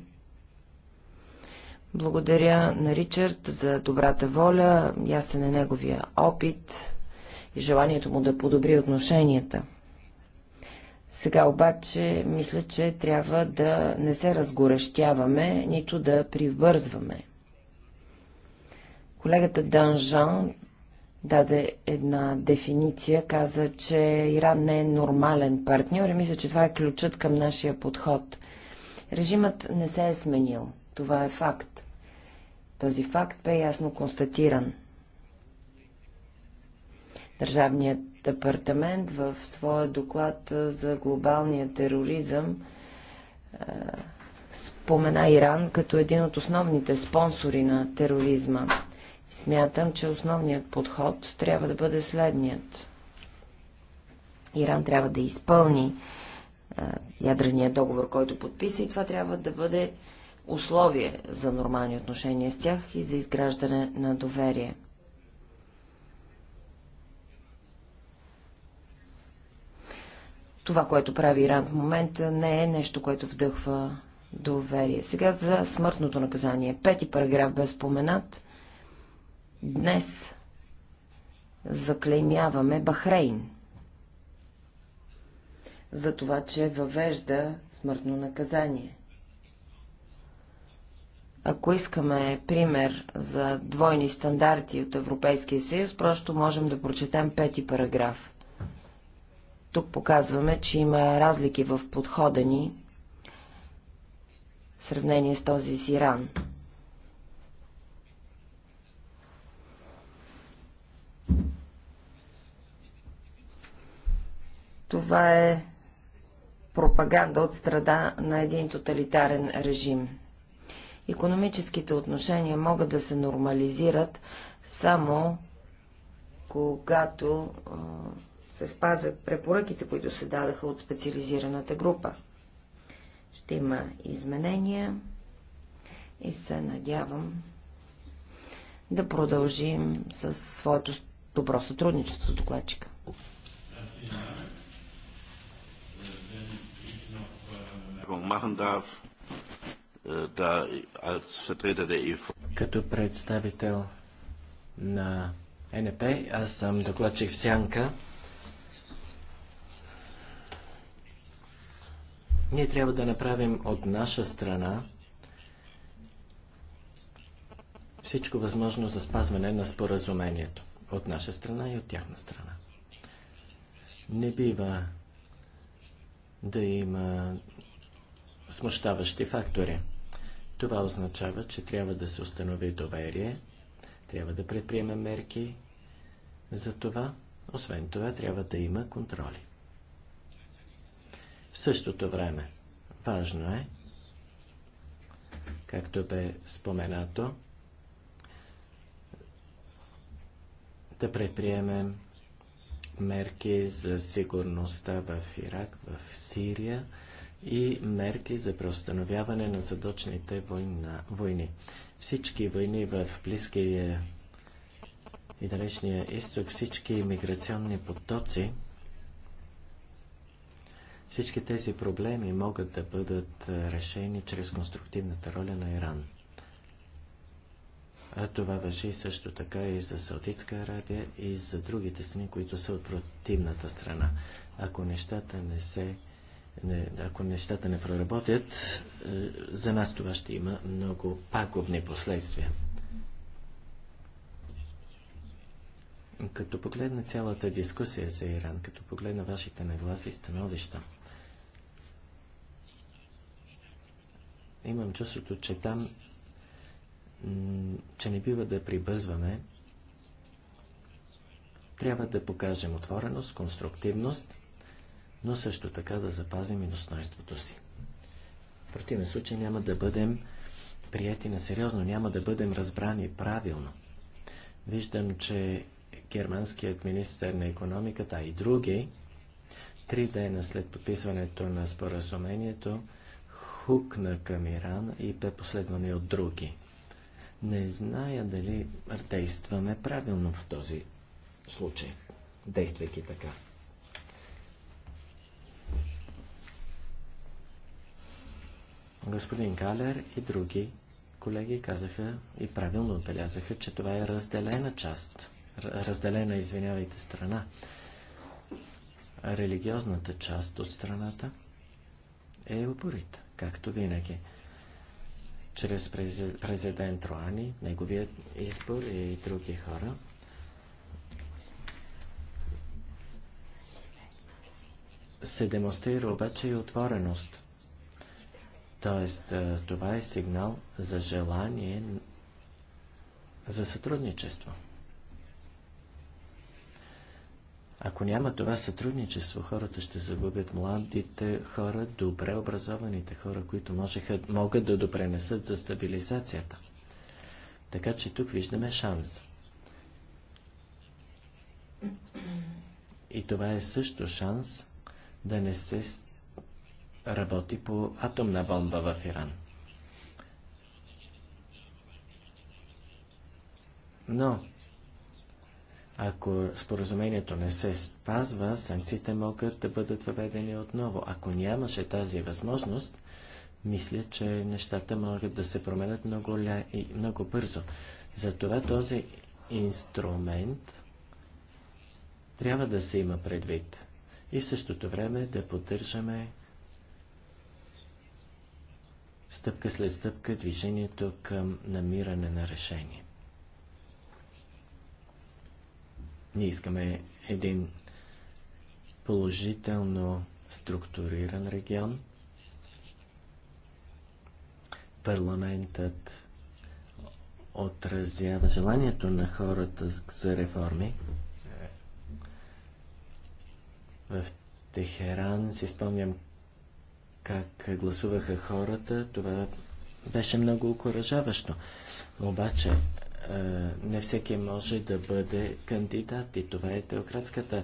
Благодаря на Ричард за добрата воля, ясен е неговия опит и желанието му да подобри отношенията. Сега обаче мисля, че трябва да не се разгорещяваме, нито да привързваме. Колегата Данжан даде една дефиниция, каза, че Иран не е нормален партньор и мисля, че това е ключът към нашия подход. Режимът не се е сменил. Това е факт. Този факт бе ясно констатиран. Държавният департамент в своя доклад за глобалния тероризъм е, спомена Иран като един от основните спонсори на тероризма. Смятам, че основният подход трябва да бъде следният. Иран трябва да изпълни е, ядрения договор, който подписа и това трябва да бъде условие за нормални отношения с тях и за изграждане на доверие. Това, което прави Иран в момента, не е нещо, което вдъхва доверие. Сега за смъртното наказание. Пети параграф бе споменат. Днес заклеймяваме Бахрейн за това, че въвежда смъртно наказание. Ако искаме пример за двойни стандарти от Европейския съюз, просто можем да прочетем пети параграф. Тук показваме, че има разлики в подхода ни в сравнение с този с Иран. Това е пропаганда от страда на един тоталитарен режим. Економическите отношения могат да се нормализират само когато се спазят препоръките, които се дадаха от специализираната група. Ще има изменения и се надявам да продължим с своето добро сътрудничество с докладчика. Äh, e Като представител на НП, аз съм докладчик в Сянка Ние трябва да направим от наша страна всичко възможно за спазване на споразумението. От наша страна и от тяхна страна. Не бива да има смущаващи фактори. Това означава, че трябва да се установи доверие, трябва да предприемем мерки за това, освен това трябва да има контроли. В същото време, важно е, както бе споменато, да предприемем мерки за сигурността в Ирак, в Сирия и мерки за преустановяване на задочните война, войни. Всички войни в Близкия и Далечния изток, всички миграционни потоци – всички тези проблеми могат да бъдат е, решени чрез конструктивната роля на Иран. А това въжи също така и за Саудитска Арабия и за другите страни, които са от противната страна. Ако нещата не се не, ако нещата не проработят, е, за нас това ще има много пагубни последствия. Като погледна цялата дискусия за Иран, като погледна вашите нагласи и становища, имам чувството, че там, че не бива да прибързваме, трябва да покажем отвореност, конструктивност, но също така да запазим и достоинството си. В противен случай няма да бъдем прияти на сериозно, няма да бъдем разбрани правилно. Виждам, че германският министр на економиката и други, три дена след подписването на споразумението, хукна към Иран и бе последвани от други. Не зная дали действаме правилно в този случай, действайки така. Господин Галер и други колеги казаха и правилно отбелязаха, че това е разделена част, разделена, извинявайте, страна. Религиозната част от страната е упорита както винаги. Чрез президент Руани, неговият избор и други хора. се демонстрира обаче и отвореност. Тоест, това е сигнал за желание за сътрудничество. Ако няма това сътрудничество, хората ще загубят младите хора, добре образованите хора, които можеха, могат да допренесат за стабилизацията. Така че тук виждаме шанс. И това е също шанс да не се работи по атомна бомба в Иран. Но ако споразумението не се спазва, санкциите могат да бъдат въведени отново. Ако нямаше тази възможност, мисля, че нещата могат да се променят много, ля... и много бързо. Затова този инструмент трябва да се има предвид и в същото време да поддържаме стъпка след стъпка движението към намиране на решение. Ние искаме един положително структуриран регион. Парламентът отразява желанието на хората за реформи. В Техеран си спомням как гласуваха хората. Това беше много окоръжаващо. Обаче е, не всеки може да бъде кандидат и това е теократската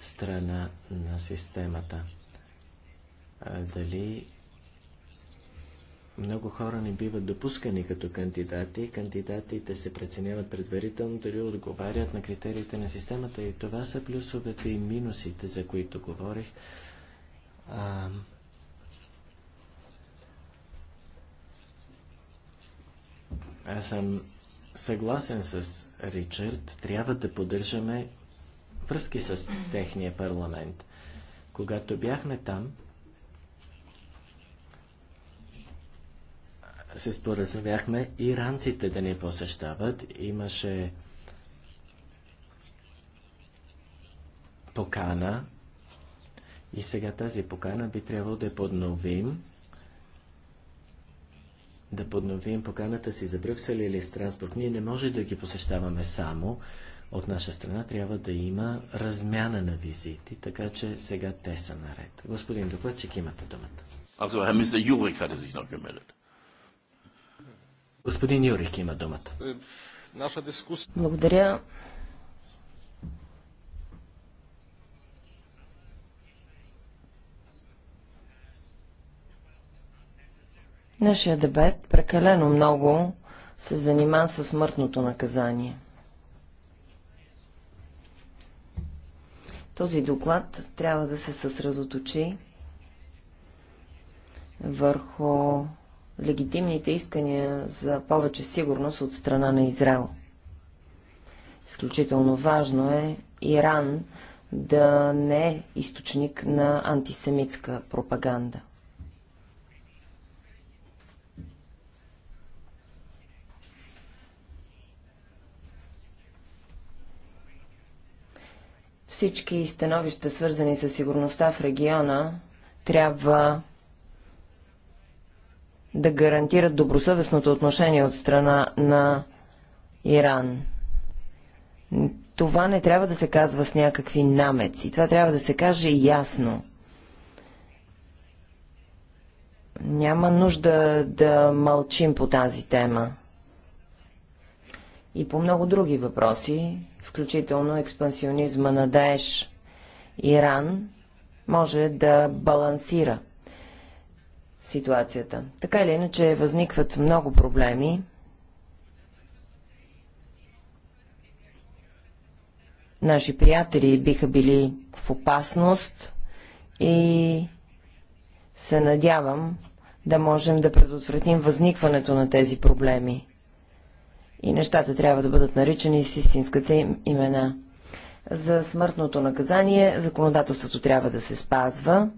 страна на системата. Дали много хора не биват допускани като кандидати. Кандидатите се преценяват предварително дали отговарят на критериите на системата и това са плюсовете и минусите, за които говорих. А... Аз съм съгласен с Ричард, трябва да поддържаме връзки с техния парламент. Когато бяхме там, се споразумяхме иранците да ни посещават. Имаше покана и сега тази покана би трябвало да подновим да подновим поканата си за Брюксел или Страсбург. Ние не може да ги посещаваме само. От наша страна трябва да има размяна на визити, така че сега те са наред. Господин докладчик, имате думата. Also, Herr Jurek hatte sich noch gemeldet. Господин Юрик има думата. Е, наша дискусия. Благодаря. Нашия дебет прекалено много се занима с смъртното наказание. Този доклад трябва да се съсредоточи върху легитимните искания за повече сигурност от страна на Израел. Изключително важно е Иран да не е източник на антисемитска пропаганда. Всички становища, свързани с сигурността в региона, трябва да гарантират добросъвестното отношение от страна на Иран. Това не трябва да се казва с някакви намеци. Това трябва да се каже ясно. Няма нужда да мълчим по тази тема. И по много други въпроси, включително експансионизма на Даеш Иран, може да балансира ситуацията. Така или иначе възникват много проблеми. Наши приятели биха били в опасност и се надявам да можем да предотвратим възникването на тези проблеми и нещата трябва да бъдат наричани с истинската им имена. За смъртното наказание законодателството трябва да се спазва.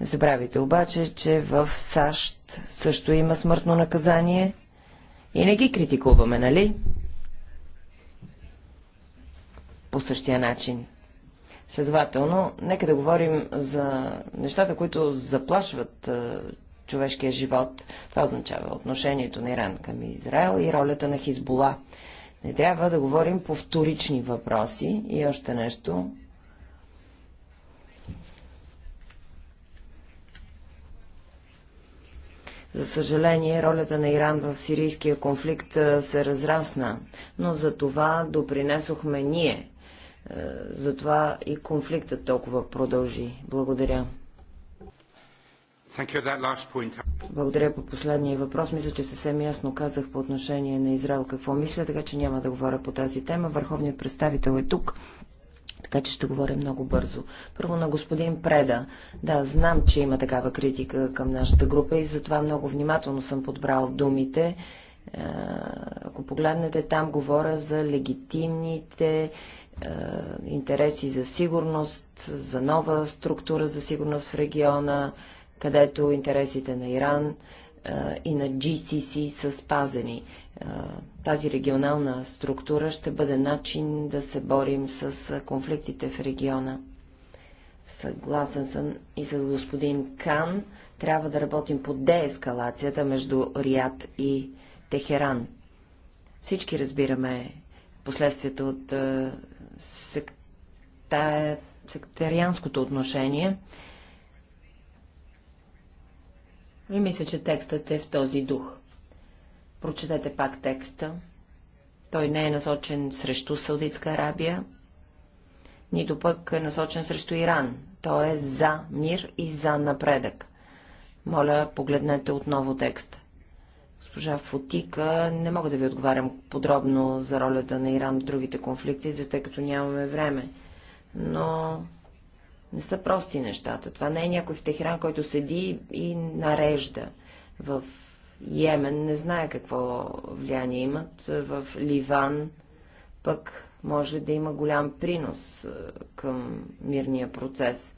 Не забравяйте обаче, че в САЩ също има смъртно наказание и не ги критикуваме, нали? По същия начин. Следователно, нека да говорим за нещата, които заплашват човешкия живот. Това означава отношението на Иран към Израел и ролята на Хизбола. Не трябва да говорим по вторични въпроси и още нещо. За съжаление, ролята на Иран в сирийския конфликт се разрасна, но за това допринесохме ние. Затова и конфликтът толкова продължи. Благодаря. Благодаря по последния въпрос. Мисля, че съвсем ясно казах по отношение на Израел какво мисля, така че няма да говоря по тази тема. Върховният представител е тук така че ще говоря много бързо. Първо на господин Преда. Да, знам, че има такава критика към нашата група и затова много внимателно съм подбрал думите. Е, ако погледнете, там говоря за легитимните е, интереси за сигурност, за нова структура за сигурност в региона, където интересите на Иран и на GCC са спазени. Тази регионална структура ще бъде начин да се борим с конфликтите в региона. Съгласен съм и с господин Кан. Трябва да работим по деескалацията между Риад и Техеран. Всички разбираме последствията от сектарианското отношение ви мисля, че текстът е в този дух. Прочетете пак текста. Той не е насочен срещу Саудитска Арабия, нито пък е насочен срещу Иран. Той е за мир и за напредък. Моля, погледнете отново текста. Госпожа Фотика, не мога да ви отговарям подробно за ролята на Иран в другите конфликти, за тъй като нямаме време. Но не са прости нещата. Това не е някой в Техран, който седи и нарежда. В Йемен не знае какво влияние имат. В Ливан пък може да има голям принос е, към мирния процес.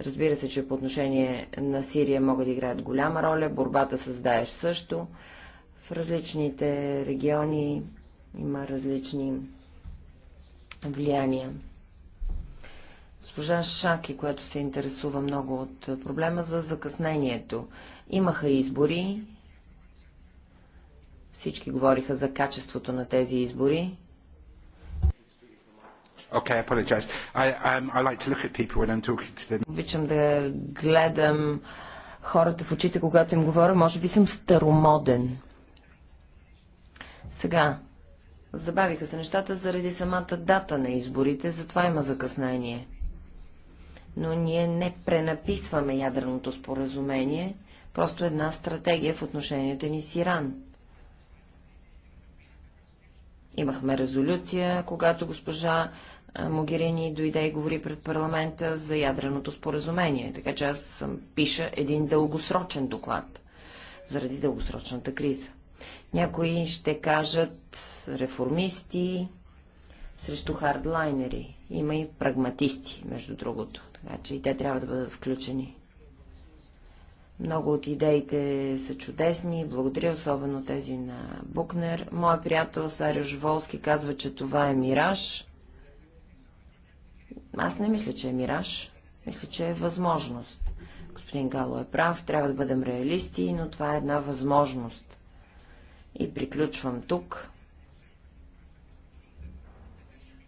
Разбира се, че по отношение на Сирия могат да играят голяма роля, борбата с Даеш също. В различните региони има различни влияния госпожа Шаки, която се интересува много от проблема за закъснението. Имаха избори, всички говориха за качеството на тези избори. Okay, I, um, I like Обичам да гледам хората в очите, когато им говоря. Може би съм старомоден. Сега, забавиха се нещата заради самата дата на изборите, затова има закъснение но ние не пренаписваме ядреното споразумение, просто една стратегия в отношенията ни с Иран. Имахме резолюция, когато госпожа Могерини дойде и говори пред парламента за ядреното споразумение, така че аз пиша един дългосрочен доклад заради дългосрочната криза. Някои ще кажат реформисти срещу хардлайнери. Има и прагматисти, между другото. Така значи че и те трябва да бъдат включени. Много от идеите са чудесни. Благодаря особено тези на Букнер. Моя приятел Сарио Волски казва, че това е мираж. Аз не мисля, че е мираж. Мисля, че е възможност. Господин Гало е прав, трябва да бъдем реалисти, но това е една възможност. И приключвам тук.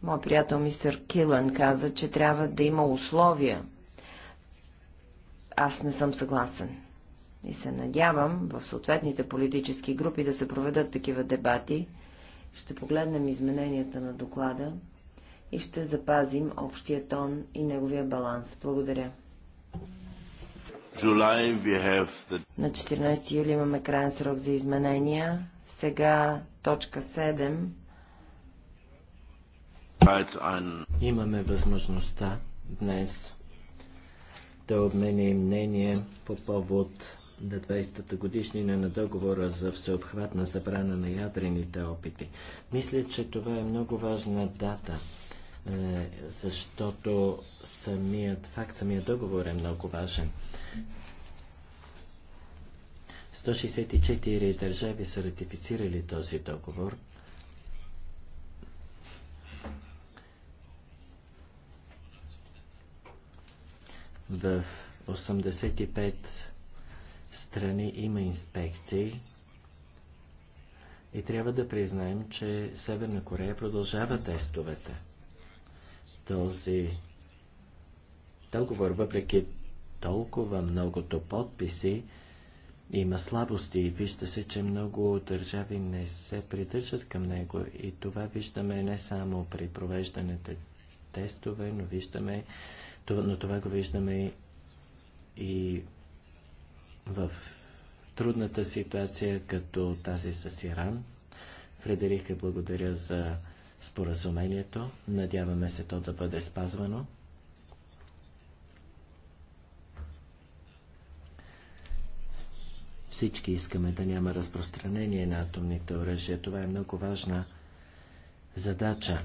Моят приятел мистер Килън каза, че трябва да има условия. Аз не съм съгласен. И се надявам в съответните политически групи да се проведат такива дебати. Ще погледнем измененията на доклада и ще запазим общия тон и неговия баланс. Благодаря. The... На 14 юли имаме крайен срок за изменения. Сега точка 7 Имаме възможността днес да обменим мнение по повод на 20-та годишнина на договора за всеотхватна забрана на ядрените опити. Мисля, че това е много важна дата, е, защото самият факт, самият договор е много важен. 164 държави са ратифицирали този договор – В 85 страни има инспекции и трябва да признаем, че Северна Корея продължава тестовете. Този договор, въпреки толкова многото подписи, има слабости и вижда се, че много държави не се придържат към него и това виждаме не само при провежданите тестове, но виждаме но това го виждаме и в трудната ситуация, като тази с Иран. Фредерика, е благодаря за споразумението. Надяваме се то да бъде спазвано. Всички искаме да няма разпространение на атомните оръжия. Това е много важна задача.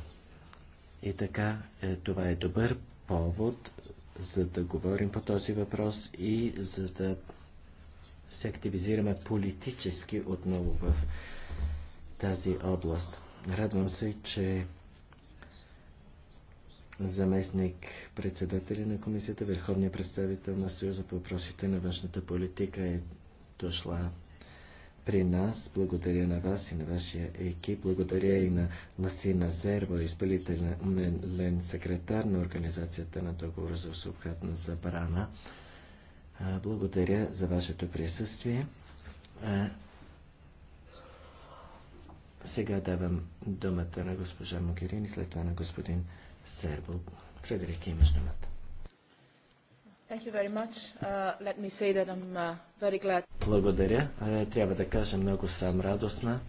И така, е, това е добър повод за да говорим по този въпрос и за да се активизираме политически отново в тази област. Радвам се, че заместник председателя на комисията, върховния представител на Съюза по въпросите на външната политика е дошла при нас. Благодаря на вас и на вашия екип. Благодаря и на Насина Зерва, изпълнителен секретар на Организацията на договора за всеобхватна забрана. Благодаря за вашето присъствие. Сега давам думата на госпожа Могерин и след това на господин Сербо. Фредерик, имаш думата. Uh, uh, Благодаря. Е, трябва да кажа, много съм радостна,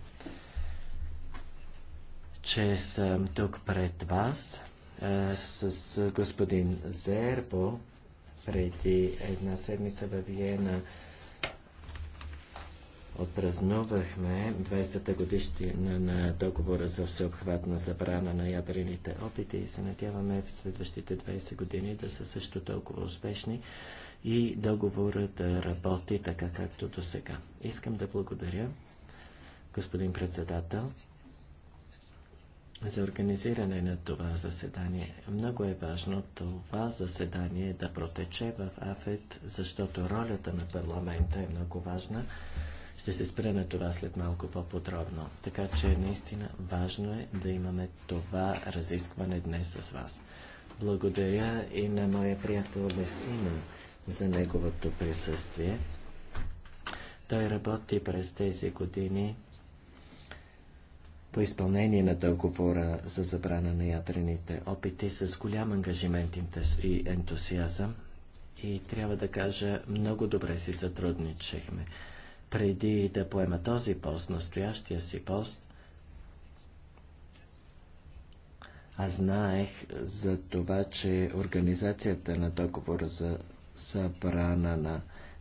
че съм тук пред вас е, с господин Зербо. Преди една седмица във Виена отпразнувахме 20-та годишнина на договора за всеобхватна забрана на ядрените опити и се надяваме в следващите 20 години да са също толкова успешни и договорът да работи така както до сега. Искам да благодаря, господин председател, за организиране на това заседание. Много е важно това заседание да протече в АФЕД, защото ролята на парламента е много важна. Ще се спре на това след малко по-подробно. Така че наистина важно е да имаме това разискване днес с вас. Благодаря и на моя приятел Месина за неговото присъствие. Той работи през тези години по изпълнение на договора за забрана на ядрените опити с голям ангажимент и ентусиазъм и трябва да кажа, много добре си сътрудничахме преди да поема този пост, настоящия си пост, аз знаех за това, че организацията на договора за събрана на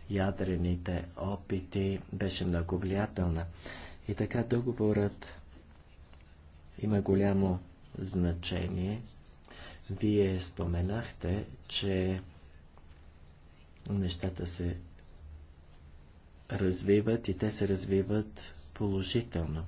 ядрените опити беше много влиятелна. И така договорът има голямо значение. Вие споменахте, че нещата се развиват и те се развиват положително.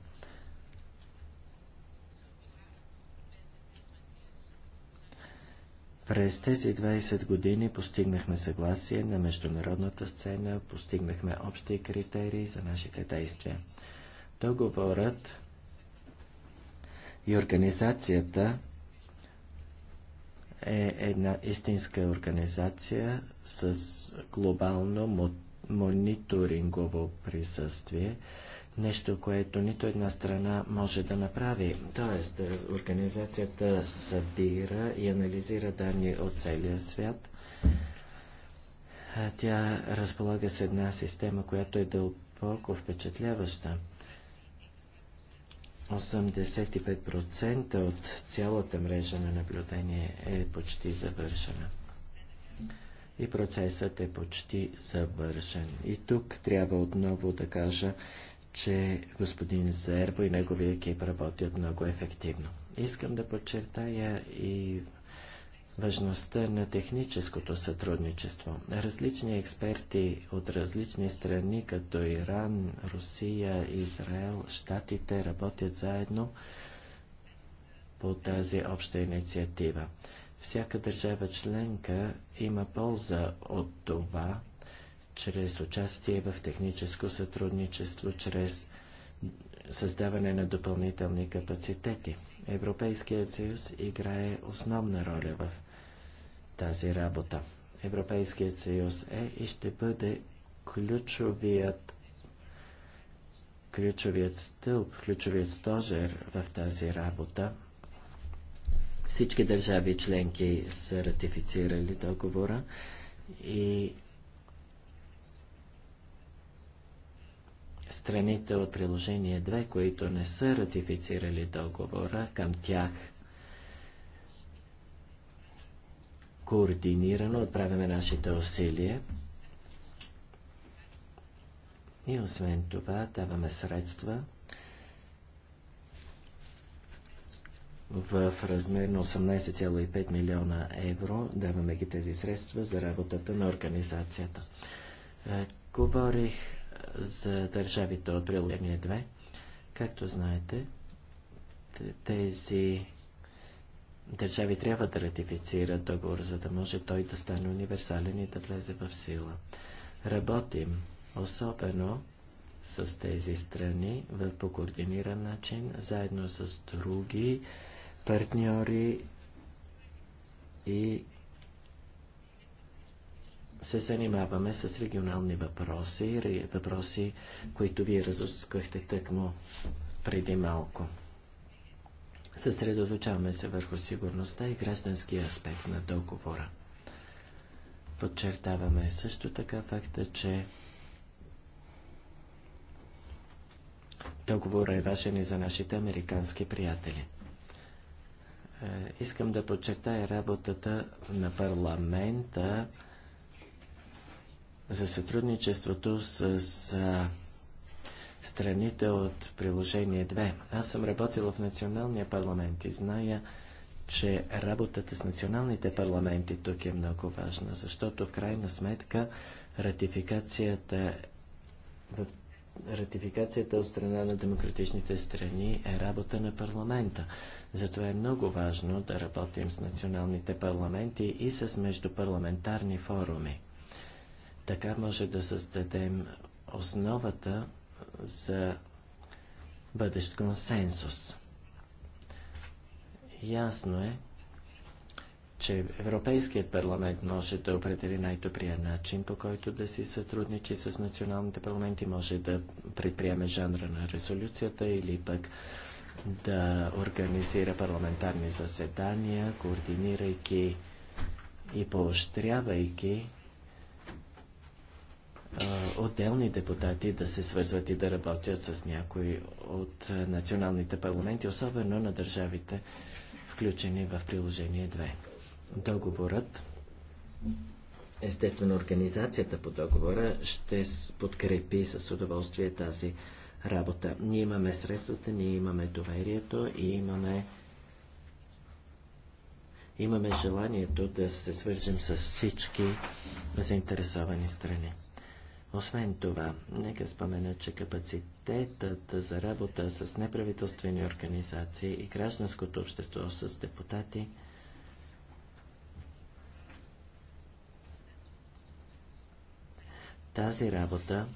През тези 20 години постигнахме съгласие на международната сцена, постигнахме общи критерии за нашите действия. Договорът и организацията е една истинска организация с глобално мониторингово присъствие, нещо, което нито една страна може да направи. Тоест, е, организацията събира и анализира данни от целия свят. Тя разполага с една система, която е дълбоко впечатляваща. 85% от цялата мрежа на наблюдение е почти завършена и процесът е почти завършен. И тук трябва отново да кажа, че господин Зербо и неговия екип работят много ефективно. Искам да подчертая и важността на техническото сътрудничество. Различни експерти от различни страни, като Иран, Русия, Израел, Штатите, работят заедно по тази обща инициатива. Всяка държава членка има полза от това, чрез участие в техническо сътрудничество, чрез създаване на допълнителни капацитети. Европейският съюз играе основна роля в тази работа. Европейският съюз е и ще бъде ключовият ключовият стълб, ключовият стожер в тази работа всички държави членки са ратифицирали договора и страните от приложение 2, които не са ратифицирали договора, към тях координирано отправяме нашите усилия. И освен това даваме средства в размер на 18,5 милиона евро. Даваме ги тези средства за работата на организацията. Е, говорих за държавите от приложение 2. Както знаете, тези държави трябва да ратифицират договор, за да може той да стане универсален и да влезе в сила. Работим особено с тези страни по координиран начин, заедно с други партньори и се занимаваме с регионални въпроси, въпроси, които вие разускахте тъкмо преди малко. Съсредоточаваме се върху сигурността и гражданския аспект на договора. Подчертаваме също така факта, че договорът е важен и за нашите американски приятели. Е, искам да подчертая работата на парламента за сътрудничеството с страните от приложение 2. Аз съм работила в националния парламент и зная, че работата с националните парламенти тук е много важна, защото в крайна сметка ратификацията в ратификацията от страна на демократичните страни е работа на парламента. Затова е много важно да работим с националните парламенти и с междупарламентарни форуми. Така може да създадем основата за бъдещ консенсус. Ясно е, че Европейският парламент може да определи най-добрия начин, по който да си сътрудничи с националните парламенти, може да предприеме жанра на резолюцията или пък да организира парламентарни заседания, координирайки и поощрявайки отделни депутати да се свързват и да работят с някои от националните парламенти, особено на държавите, включени в приложение 2. Договорът, естествено организацията по договора, ще подкрепи с удоволствие тази работа. Ние имаме средствата, ние имаме доверието и имаме имаме желанието да се свържим с всички заинтересовани страни. Освен това, нека спомена, че капацитетът за работа с неправителствени организации и гражданското общество с депутати – Тази работа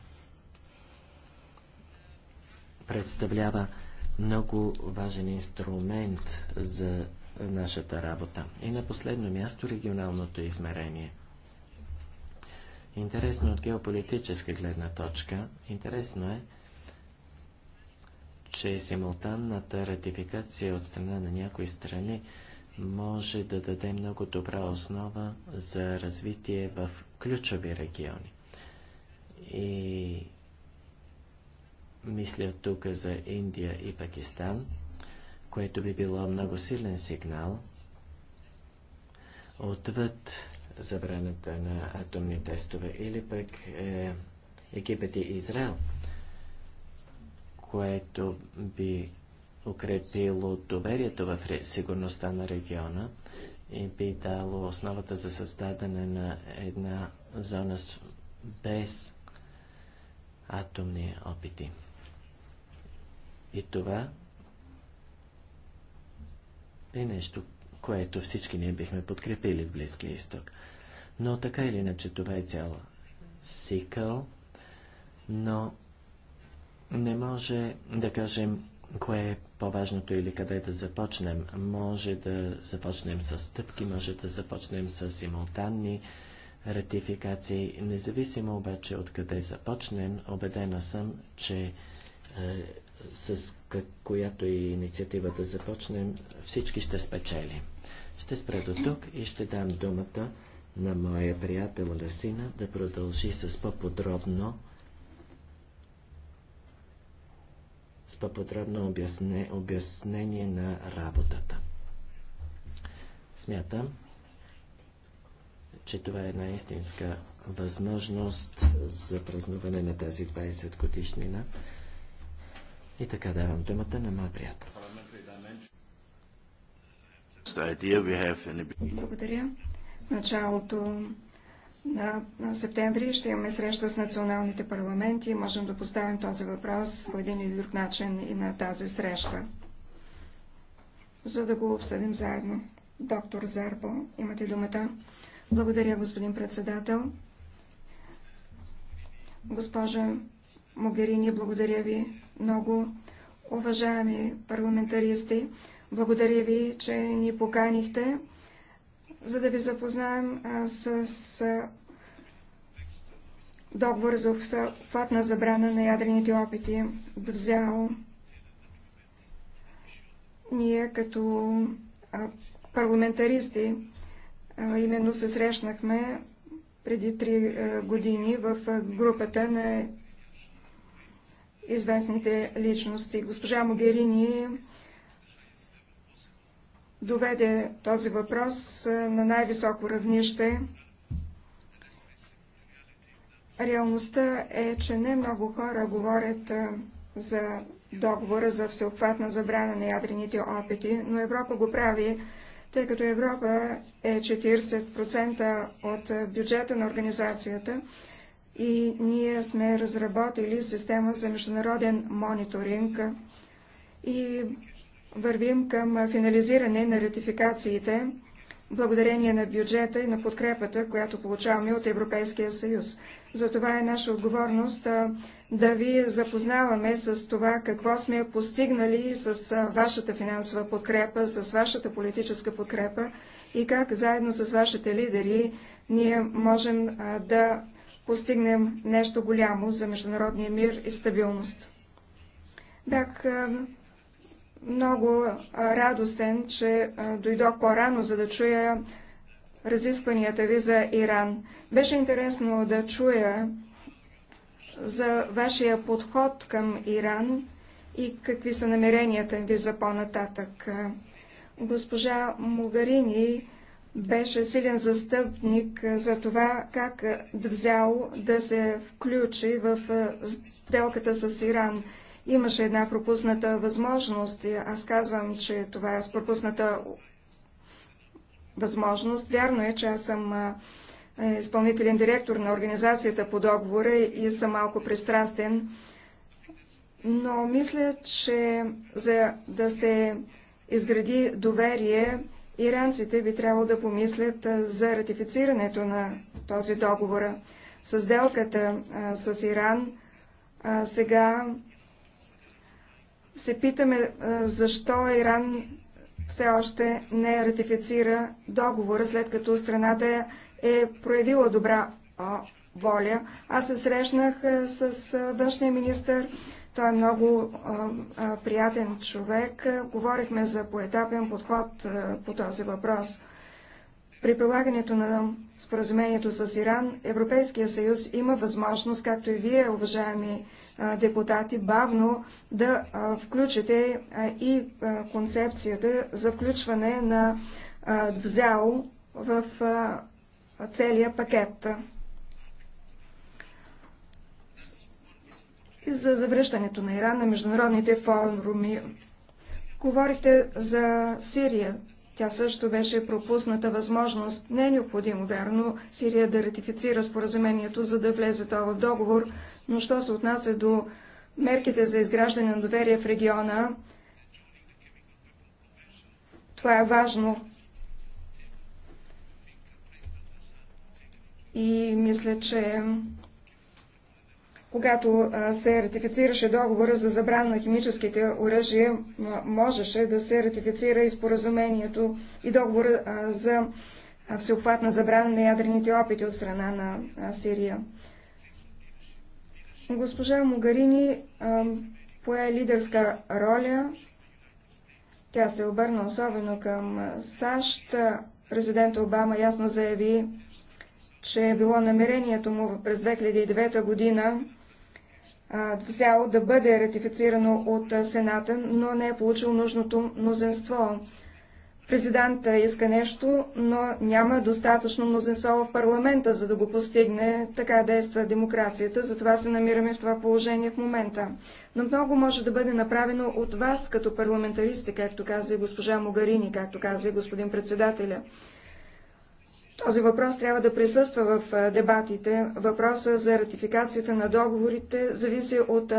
представлява много важен инструмент за нашата работа. И на последно място регионалното измерение. Интересно от геополитическа гледна точка, интересно е, че симултанната ратификация от страна на някои страни може да даде много добра основа за развитие в ключови региони и мисля тук за Индия и Пакистан, което би било много силен сигнал отвъд забраната на атомни тестове или пък е, Египет и Израел, което би укрепило доверието в сигурността на региона и би дало основата за създадане на една зона без атомни опити. И това е нещо, което всички ние бихме подкрепили в Близкия изток. Но така или иначе това е цял сикъл, но не може да кажем кое е по-важното или къде да започнем. Може да започнем с стъпки, може да започнем с симултанни ратификации. Независимо обаче от къде започнем, убедена съм, че е, с която и инициатива да започнем, всички ще спечелим. Ще спра до тук и ще дам думата на моя приятел Лесина да продължи с по-подробно с по-подробно обясне, обяснение на работата. Смятам, че това е една истинска възможност за празнуване на тази 20 годишнина. И така давам думата на моя приятел. Благодаря. В началото на, на септември ще имаме среща с националните парламенти и можем да поставим този въпрос по един или друг начин и на тази среща, за да го обсъдим заедно. Доктор Зарбо, имате думата. Благодаря, господин председател. Госпожа Могерини, благодаря ви много. Уважаеми парламентаристи, благодаря ви, че ни поканихте, за да ви запознаем с договор за обхватна забрана на ядрените опити Взял Ние като парламентаристи Именно се срещнахме преди три е, години в е, групата на известните личности. Госпожа Могерини доведе този въпрос е, на най-високо равнище. Реалността е, че не много хора говорят за договора за всеобхватна забрана на ядрените опити, но Европа го прави тъй като Европа е 40% от бюджета на организацията и ние сме разработили система за международен мониторинг и вървим към финализиране на ратификациите благодарение на бюджета и на подкрепата, която получаваме от Европейския съюз. Затова е наша отговорност да ви запознаваме с това, какво сме постигнали с вашата финансова подкрепа, с вашата политическа подкрепа и как заедно с вашите лидери ние можем да постигнем нещо голямо за международния мир и стабилност. Бях много радостен, че дойдох по-рано, за да чуя разискванията ви за Иран. Беше интересно да чуя за вашия подход към Иран и какви са намеренията ви за по-нататък. Госпожа Могарини беше силен застъпник за това как взял да се включи в сделката с Иран. Имаше една пропусната възможност. Аз казвам, че това е с пропусната възможност. Вярно е, че аз съм е, изпълнителен директор на организацията по договора и съм малко пристрастен, но мисля, че за да се изгради доверие, иранците би трябвало да помислят е, за ратифицирането на този договор. Създелката е, с Иран а, сега се питаме защо Иран все още не ратифицира договора, след като страната е проявила добра воля. Аз се срещнах е, с е, външния министр. Той е много приятен човек. Говорихме за поетапен подход е, по този въпрос. При прилагането на споразумението с Иран, Европейския съюз има възможност, както и вие, уважаеми депутати, бавно да включите и концепцията за включване на взял в целия пакет. И за завръщането на Иран на международните форуми. Говорите за Сирия. Тя също беше пропусната възможност. Не е необходимо, вярно, Сирия да ратифицира споразумението, за да влезе това в договор, но що се отнася до мерките за изграждане на доверие в региона, това е важно. и мисля, че когато се ратифицираше договора за забрана на химическите оръжия, можеше да се ратифицира и споразумението и договора за всеобхватна забрана на ядрените опити от страна на Сирия. Госпожа Могарини пое лидерска роля. Тя се обърна особено към САЩ. Президент Обама ясно заяви, че е било намерението му през 2009 година взяло да бъде ратифицирано от Сената, но не е получил нужното мнозинство. Президента иска нещо, но няма достатъчно мнозинство в парламента, за да го постигне. Така действа демокрацията, затова се намираме в това положение в момента. Но много може да бъде направено от вас като парламентаристи, както каза и госпожа Могарини, както каза и господин председателя. Този въпрос трябва да присъства в дебатите. Въпроса за ратификацията на договорите зависи от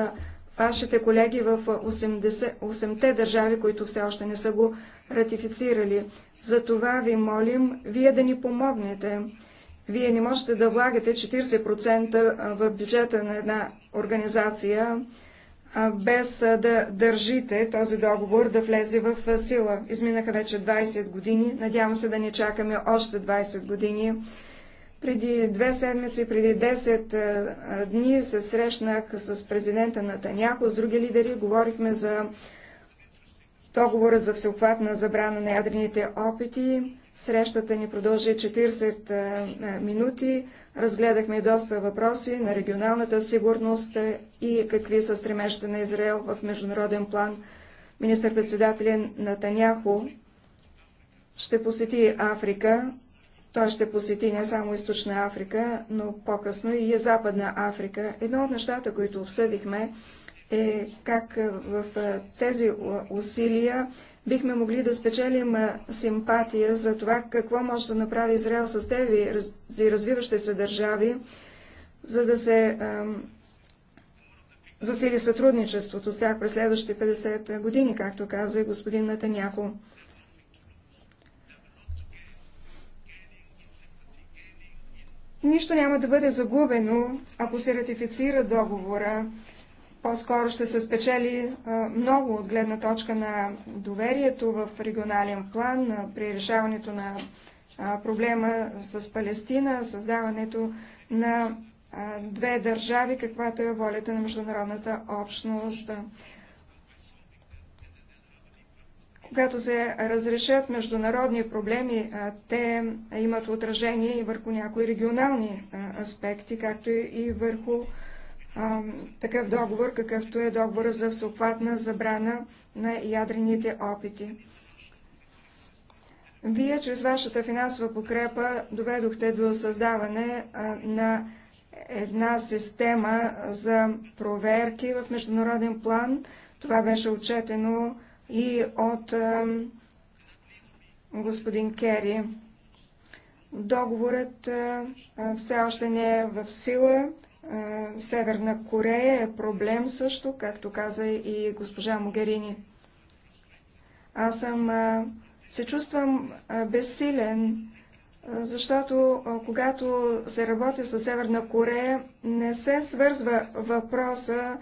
вашите колеги в 8-те държави, които все още не са го ратифицирали. За това ви молим вие да ни помогнете. Вие не можете да влагате 40% в бюджета на една организация, без да държите този договор да влезе в сила. Изминаха вече 20 години, надявам се да не чакаме още 20 години. Преди две седмици, преди 10 дни се срещнах с президента Натаняко, с други лидери, говорихме за договора за всеобхватна забрана на ядрените опити. Срещата ни продължи 40 е, е, минути. Разгледахме доста въпроси на регионалната сигурност е, и какви са стремежите на Израел в международен план. Министър-председателен Натаняхо ще посети Африка. Той ще посети не само Източна Африка, но по-късно и Западна Африка. Едно от нещата, които обсъдихме, е как е, в е, тези усилия бихме могли да спечелим е, симпатия за това какво може да направи Израел с тези развиващи се държави, за да се засили сътрудничеството с тях през следващите 50 години, както каза и господин Натаняко. Нищо няма да бъде загубено, ако се ратифицира договора по-скоро ще се спечели много от гледна точка на доверието в регионален план при решаването на проблема с Палестина, създаването на две държави, каквато е волята на международната общност. Когато се разрешат международни проблеми, те имат отражение и върху някои регионални аспекти, както и върху а, такъв договор, какъвто е договор за всеобхватна забрана на ядрените опити. Вие чрез вашата финансова покрепа доведохте до създаване а, на една система за проверки в международен план. Това беше отчетено и от а, господин Кери. Договорът а, все още не е в сила. Е, Северна Корея е проблем също, както каза и госпожа Могерини. Аз съм, е, се чувствам е, безсилен, защото когато се работи с Северна Корея, не се свързва въпроса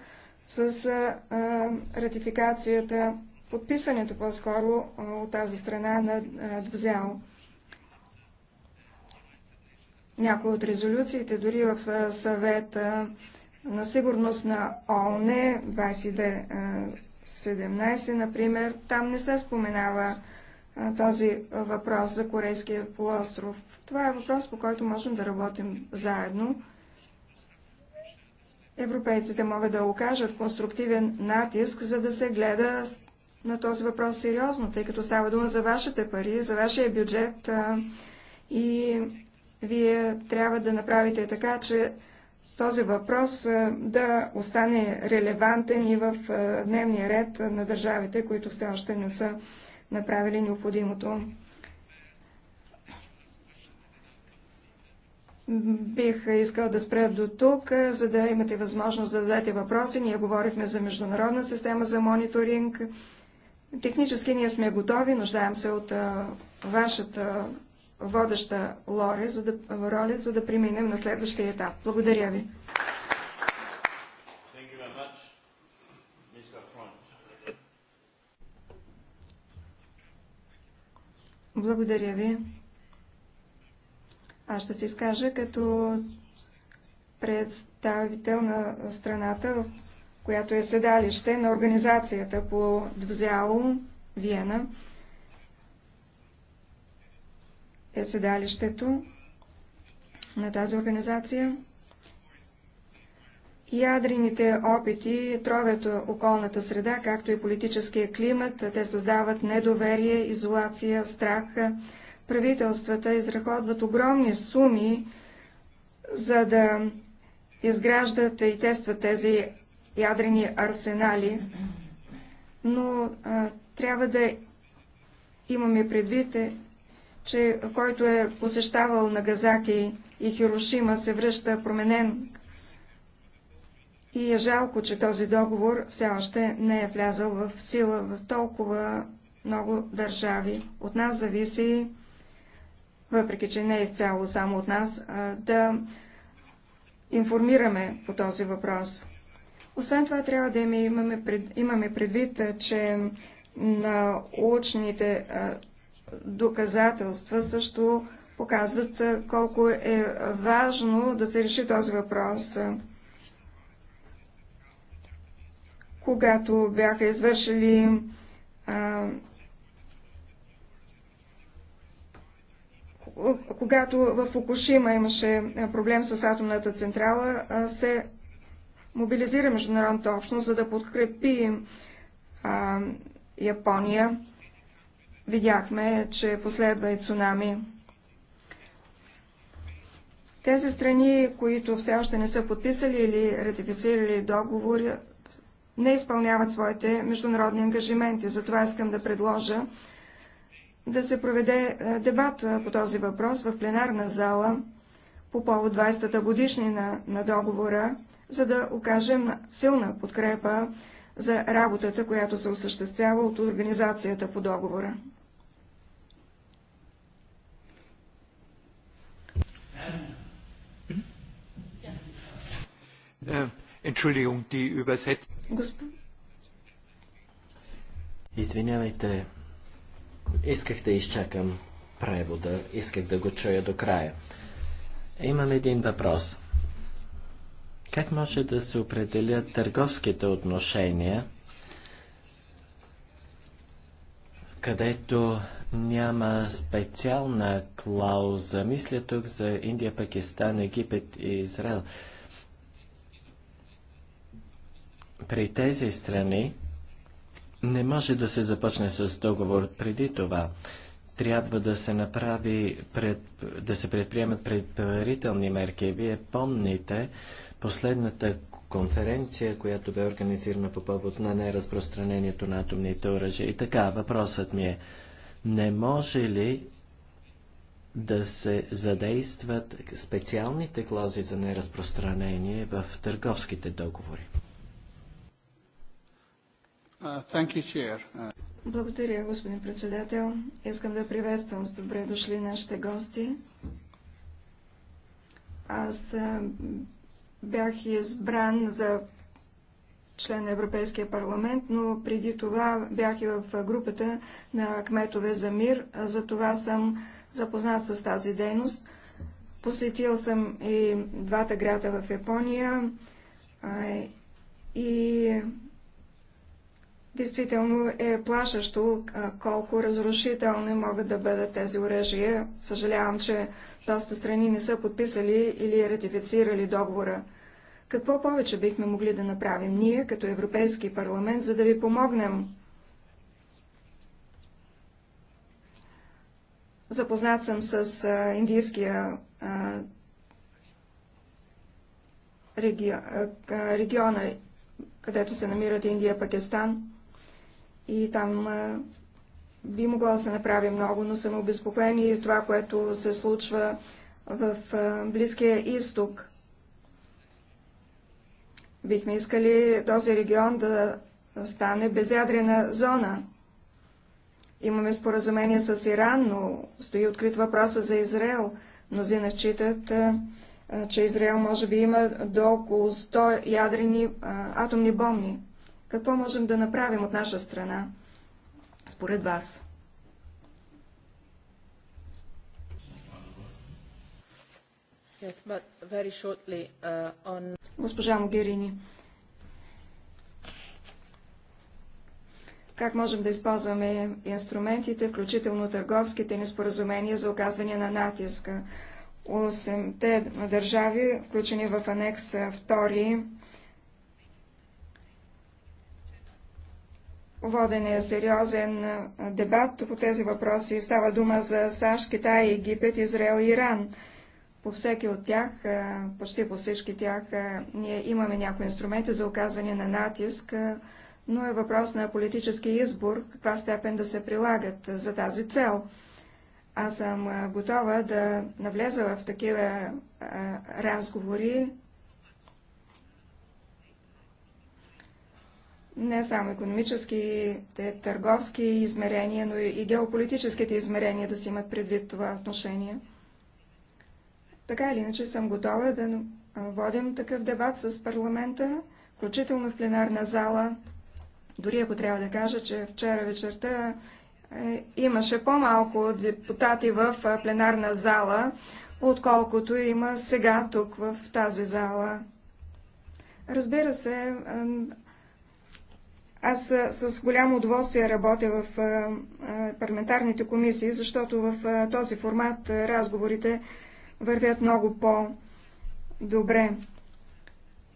с ратификацията, подписането по-скоро от тази страна на Двзяло. Някои от резолюциите, дори в съвета на сигурност на ООН 2217, например, там не се споменава този въпрос за Корейския полуостров. Това е въпрос, по който можем да работим заедно. Европейците могат да окажат конструктивен натиск, за да се гледа на този въпрос сериозно, тъй като става дума за вашите пари, за вашия бюджет и вие трябва да направите така, че този въпрос да остане релевантен и в дневния ред на държавите, които все още не са направили необходимото. Бих искал да спре до тук, за да имате възможност да зададете въпроси. Ние говорихме за международна система за мониторинг. Технически ние сме готови, нуждаем се от вашата водеща лоре, за да, роля, за да преминем на следващия етап. Благодаря ви. Благодаря ви. Аз ще се изкажа като представител на страната, която е седалище на организацията по Двзяло, Виена е седалището на тази организация. Ядрените опити тровят околната среда, както и политическия климат. Те създават недоверие, изолация, страх. Правителствата изразходват огромни суми, за да изграждат и тестват тези ядрени арсенали. Но а, трябва да имаме предвид, че който е посещавал Нагазаки и Хирошима се връща променен. И е жалко, че този договор все още не е влязал в сила в толкова много държави. От нас зависи, въпреки че не е изцяло само от нас, да информираме по този въпрос. Освен това, трябва да имаме, предвид, че на научните доказателства също показват колко е важно да се реши този въпрос. Когато бяха извършили когато в Фукушима имаше проблем с атомната централа, се мобилизира международната общност, за да подкрепи а, Япония. Видяхме, че последва и цунами. Тези страни, които все още не са подписали или ратифицирали договори, не изпълняват своите международни ангажименти. Затова искам да предложа да се проведе е, дебат е, по този въпрос в пленарна зала по повод 20-та годишнина на договора, за да окажем силна подкрепа за работата, която се осъществява от организацията по договора. Äh, Entschuldigung, die Übersetzung. Извинявайте, исках да изчакам превода, исках да го чуя до края. Имам един въпрос. Как може да се определят търговските отношения, където няма специална клауза? Мисля тук за Индия, Пакистан, Египет и Израел. при тези страни не може да се започне с договор преди това. Трябва да се направи, пред, да се предприемат предварителни мерки. Вие помните последната конференция, която бе организирана по повод на неразпространението на атомните оръжия. И така, въпросът ми е, не може ли да се задействат специалните клаузи за неразпространение в търговските договори? You, Благодаря, господин председател. Искам да приветствам с добре дошли нашите гости. Аз бях избран за член на Европейския парламент, но преди това бях и в групата на кметове за мир. За това съм запознат с тази дейност. Посетил съм и двата града в Япония и Действително е плашещо колко разрушителни могат да бъдат тези оръжия. Съжалявам, че доста страни не са подписали или ратифицирали договора. Какво повече бихме могли да направим ние, като Европейски парламент, за да ви помогнем? Запознат съм с индийския региона, където се намират Индия, Пакистан и там би могло да се направи много, но съм обезпокоен и това, което се случва в Близкия изток. Бихме искали този регион да стане безядрена зона. Имаме споразумение с Иран, но стои открит въпроса за Израел. Мнозина считат, че Израел може би има до около 100 ядрени атомни бомби. Какво можем да направим от наша страна, според вас? Yes, shortly, uh, on... Госпожа Могерини, как можем да използваме инструментите, включително търговските ни споразумения за оказване на натиска? Осемте държави, включени в анекс 2, Воден е сериозен дебат по тези въпроси. Става дума за САЩ, Китай, Египет, Израел и Иран. По всеки от тях, почти по всички тях, ние имаме някои инструменти за оказване на натиск, но е въпрос на политически избор, каква степен да се прилагат за тази цел. Аз съм готова да навлеза в такива разговори не само те търговски измерения, но и геополитическите измерения да си имат предвид това отношение. Така или иначе съм готова да водим такъв дебат с парламента, включително в пленарна зала. Дори ако трябва да кажа, че вчера вечерта е, имаше по-малко депутати в пленарна зала, отколкото има сега тук в тази зала. Разбира се, аз с голямо удоволствие работя в парламентарните комисии, защото в този формат разговорите вървят много по-добре.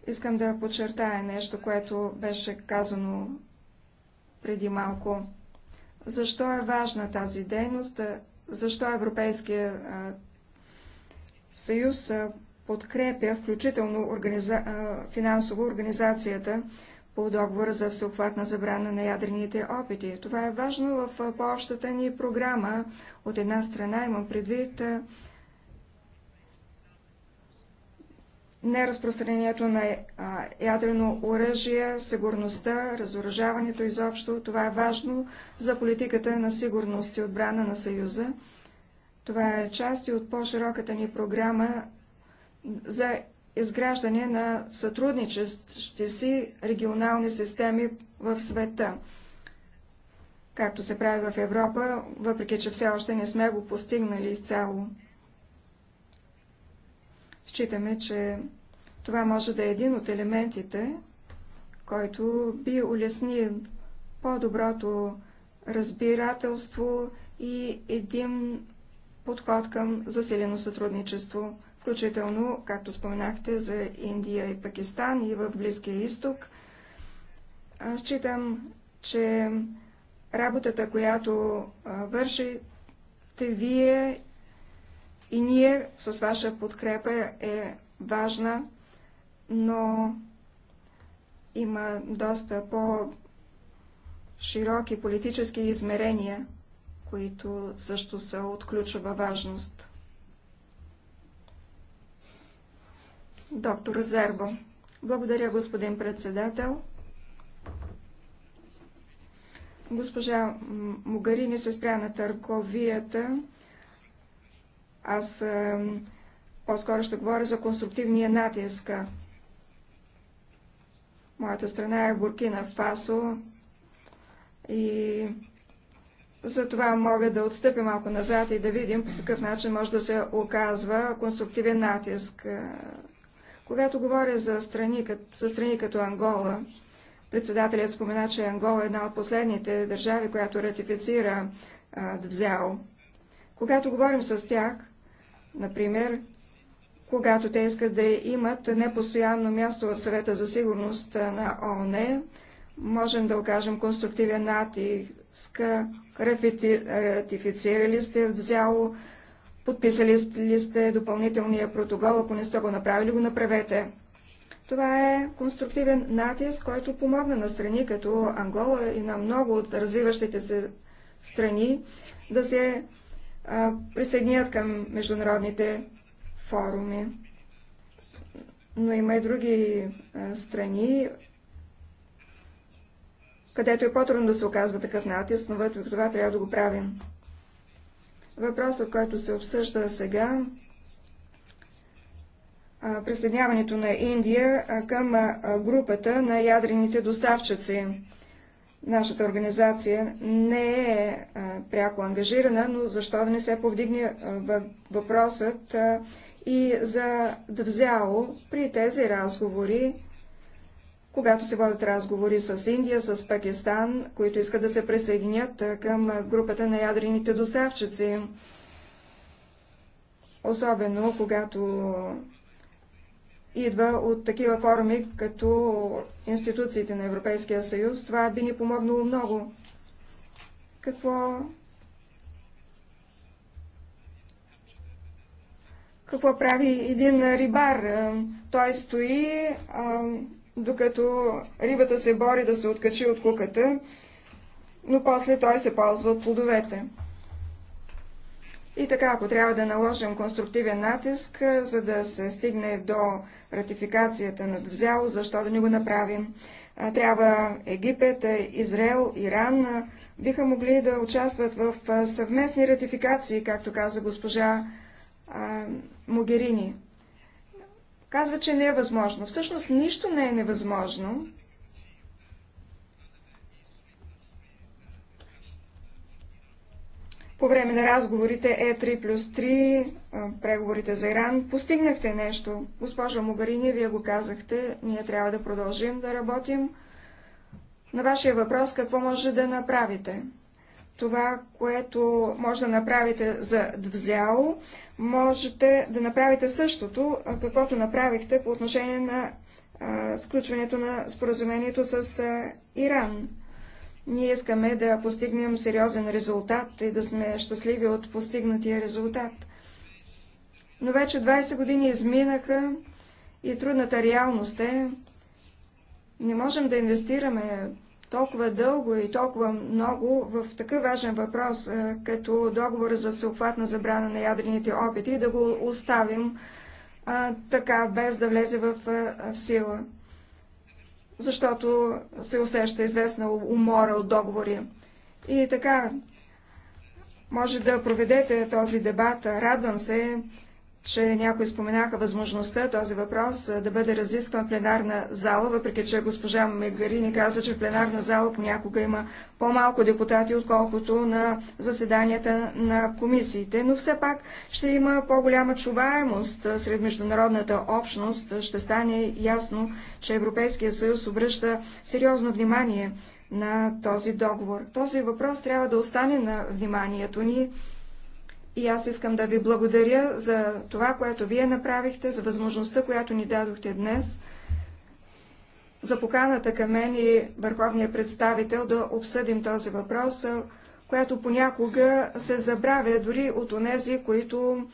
Искам да подчертая нещо, което беше казано преди малко. Защо е важна тази дейност? Защо Европейския съюз подкрепя, включително организа... финансово, организацията по договора за всеобхватна забрана на ядрените опити. Това е важно в по-общата ни програма. От една страна имам предвид неразпространението на ядрено оръжие, сигурността, разоръжаването изобщо. Това е важно за политиката на сигурност и отбрана на Съюза. Това е част и от по-широката ни програма за изграждане на сътрудничещи си регионални системи в света, както се прави в Европа, въпреки че все още не сме го постигнали изцяло. Считаме, че това може да е един от елементите, който би улесни по-доброто разбирателство и един подход към засилено сътрудничество включително, както споменахте, за Индия и Пакистан и в Близкия изток. Аз считам, че работата, която вършите вие и ние с ваша подкрепа е важна, но има доста по-широки политически измерения, които също са от ключова важност. Доктор Зербо. Благодаря, господин председател. Госпожа Могарини се спря на търковията. Аз по-скоро ще говоря за конструктивния натиск. Моята страна е Буркина Фасо и за това мога да отстъпя малко назад и да видим по какъв начин може да се оказва конструктивен натиск. Когато говоря за страни, за страни като Ангола, председателят спомена, че Ангола е една от последните държави, която ратифицира взял. Когато говорим с тях, например, когато те искат да имат непостоянно място в съвета за сигурност на ООН, можем да окажем конструктивен натиск. Ратифицирали сте взяло Подписали ли сте допълнителния протокол? Ако не сте го направили, го направете. Това е конструктивен натиск, който помогна на страни като Ангола и на много от развиващите се страни да се а, присъединят към международните форуми. Но има и други а, страни, където е по-трудно да се оказва такъв натиск, но това трябва да го правим. Въпросът, който се обсъжда сега, присъединяването на Индия към групата на ядрените доставчици. Нашата организация не е пряко ангажирана, но защо да не се повдигне въпросът и за да взяло при тези разговори когато се водят разговори с Индия, с Пакистан, които искат да се присъединят към групата на ядрените доставчици. Особено когато идва от такива форуми, като институциите на Европейския съюз, това би ни помогнало много. Какво какво прави един рибар. Той стои, докато рибата се бори да се откачи от куката, но после той се ползва плодовете. И така, ако трябва да наложим конструктивен натиск, за да се стигне до ратификацията над взяло, защо да не го направим? Трябва Египет, Израел, Иран биха могли да участват в съвместни ратификации, както каза госпожа а, Могерини казва, че не е възможно. Всъщност нищо не е невъзможно. По време на разговорите Е3 плюс 3, преговорите за Иран, постигнахте нещо. Госпожа Могарини, вие го казахте, ние трябва да продължим да работим. На вашия въпрос какво може да направите? това, което може да направите за взяло, можете да направите същото, каквото направихте по отношение на а, сключването на споразумението с а, Иран. Ние искаме да постигнем сериозен резултат и да сме щастливи от постигнатия резултат. Но вече 20 години изминаха и трудната реалност е, не можем да инвестираме толкова дълго и толкова много в такъв важен въпрос, като договор за всеобхватна забрана на ядрените опити, да го оставим а, така, без да влезе в, а, в сила. Защото се усеща известна умора от договори. И така, може да проведете този дебат. Радвам се, че някои споменаха възможността този въпрос да бъде разискван в пленарна зала, въпреки че госпожа Мегарини каза, че в пленарна зала понякога има по-малко депутати, отколкото на заседанията на комисиите, но все пак ще има по-голяма чуваемост сред международната общност. Ще стане ясно, че Европейския съюз обръща сериозно внимание на този договор. Този въпрос трябва да остане на вниманието ни и аз искам да ви благодаря за това, което вие направихте, за възможността, която ни дадохте днес, за поканата към мен и върховния представител да обсъдим този въпрос, която понякога се забравя дори от онези, които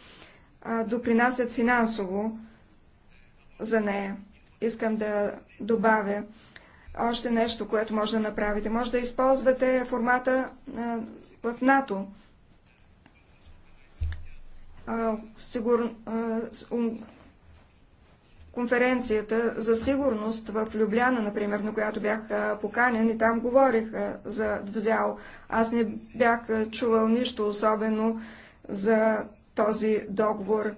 а, допринасят финансово за нея. Искам да добавя още нещо, което може да направите. Може да използвате формата а, в НАТО сигур... конференцията за сигурност в Любляна, например, на която бях поканен и там говорих за взял. Аз не бях чувал нищо особено за този договор.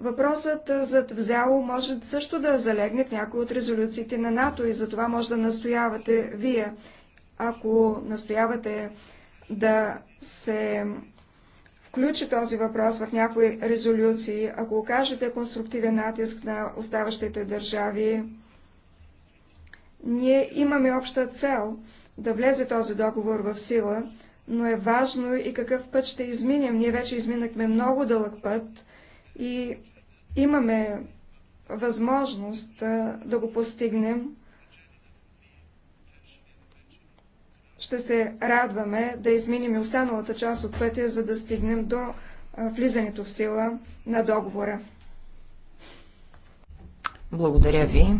Въпросът за взяло може също да залегне в някои от резолюциите на НАТО и за това може да настоявате вие. Ако настоявате да се включи този въпрос в някои резолюции, ако окажете конструктивен натиск на оставащите държави, ние имаме обща цел да влезе този договор в сила, но е важно и какъв път ще изминем. Ние вече изминахме много дълъг път и имаме възможност да го постигнем. ще се радваме да изминем и останалата част от пътя, за да стигнем до влизането в сила на договора. Благодаря ви.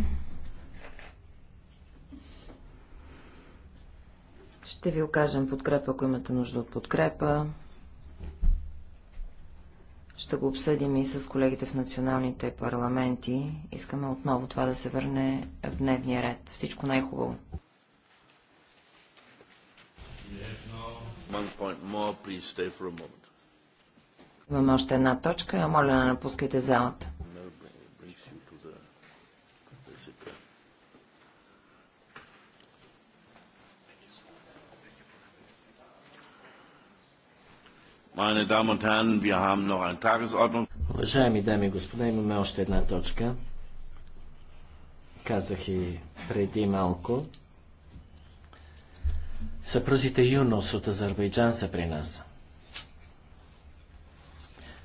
Ще ви окажем подкрепа, ако имате нужда от подкрепа. Ще го обсъдим и с колегите в националните парламенти. Искаме отново това да се върне в дневния ред. Всичко най-хубаво. Имам още една точка. Моля, не напускайте залата. Уважаеми дами и господа, имаме още една точка. Казах и преди малко. Съпрузите Юнос от Азербайджан са при нас,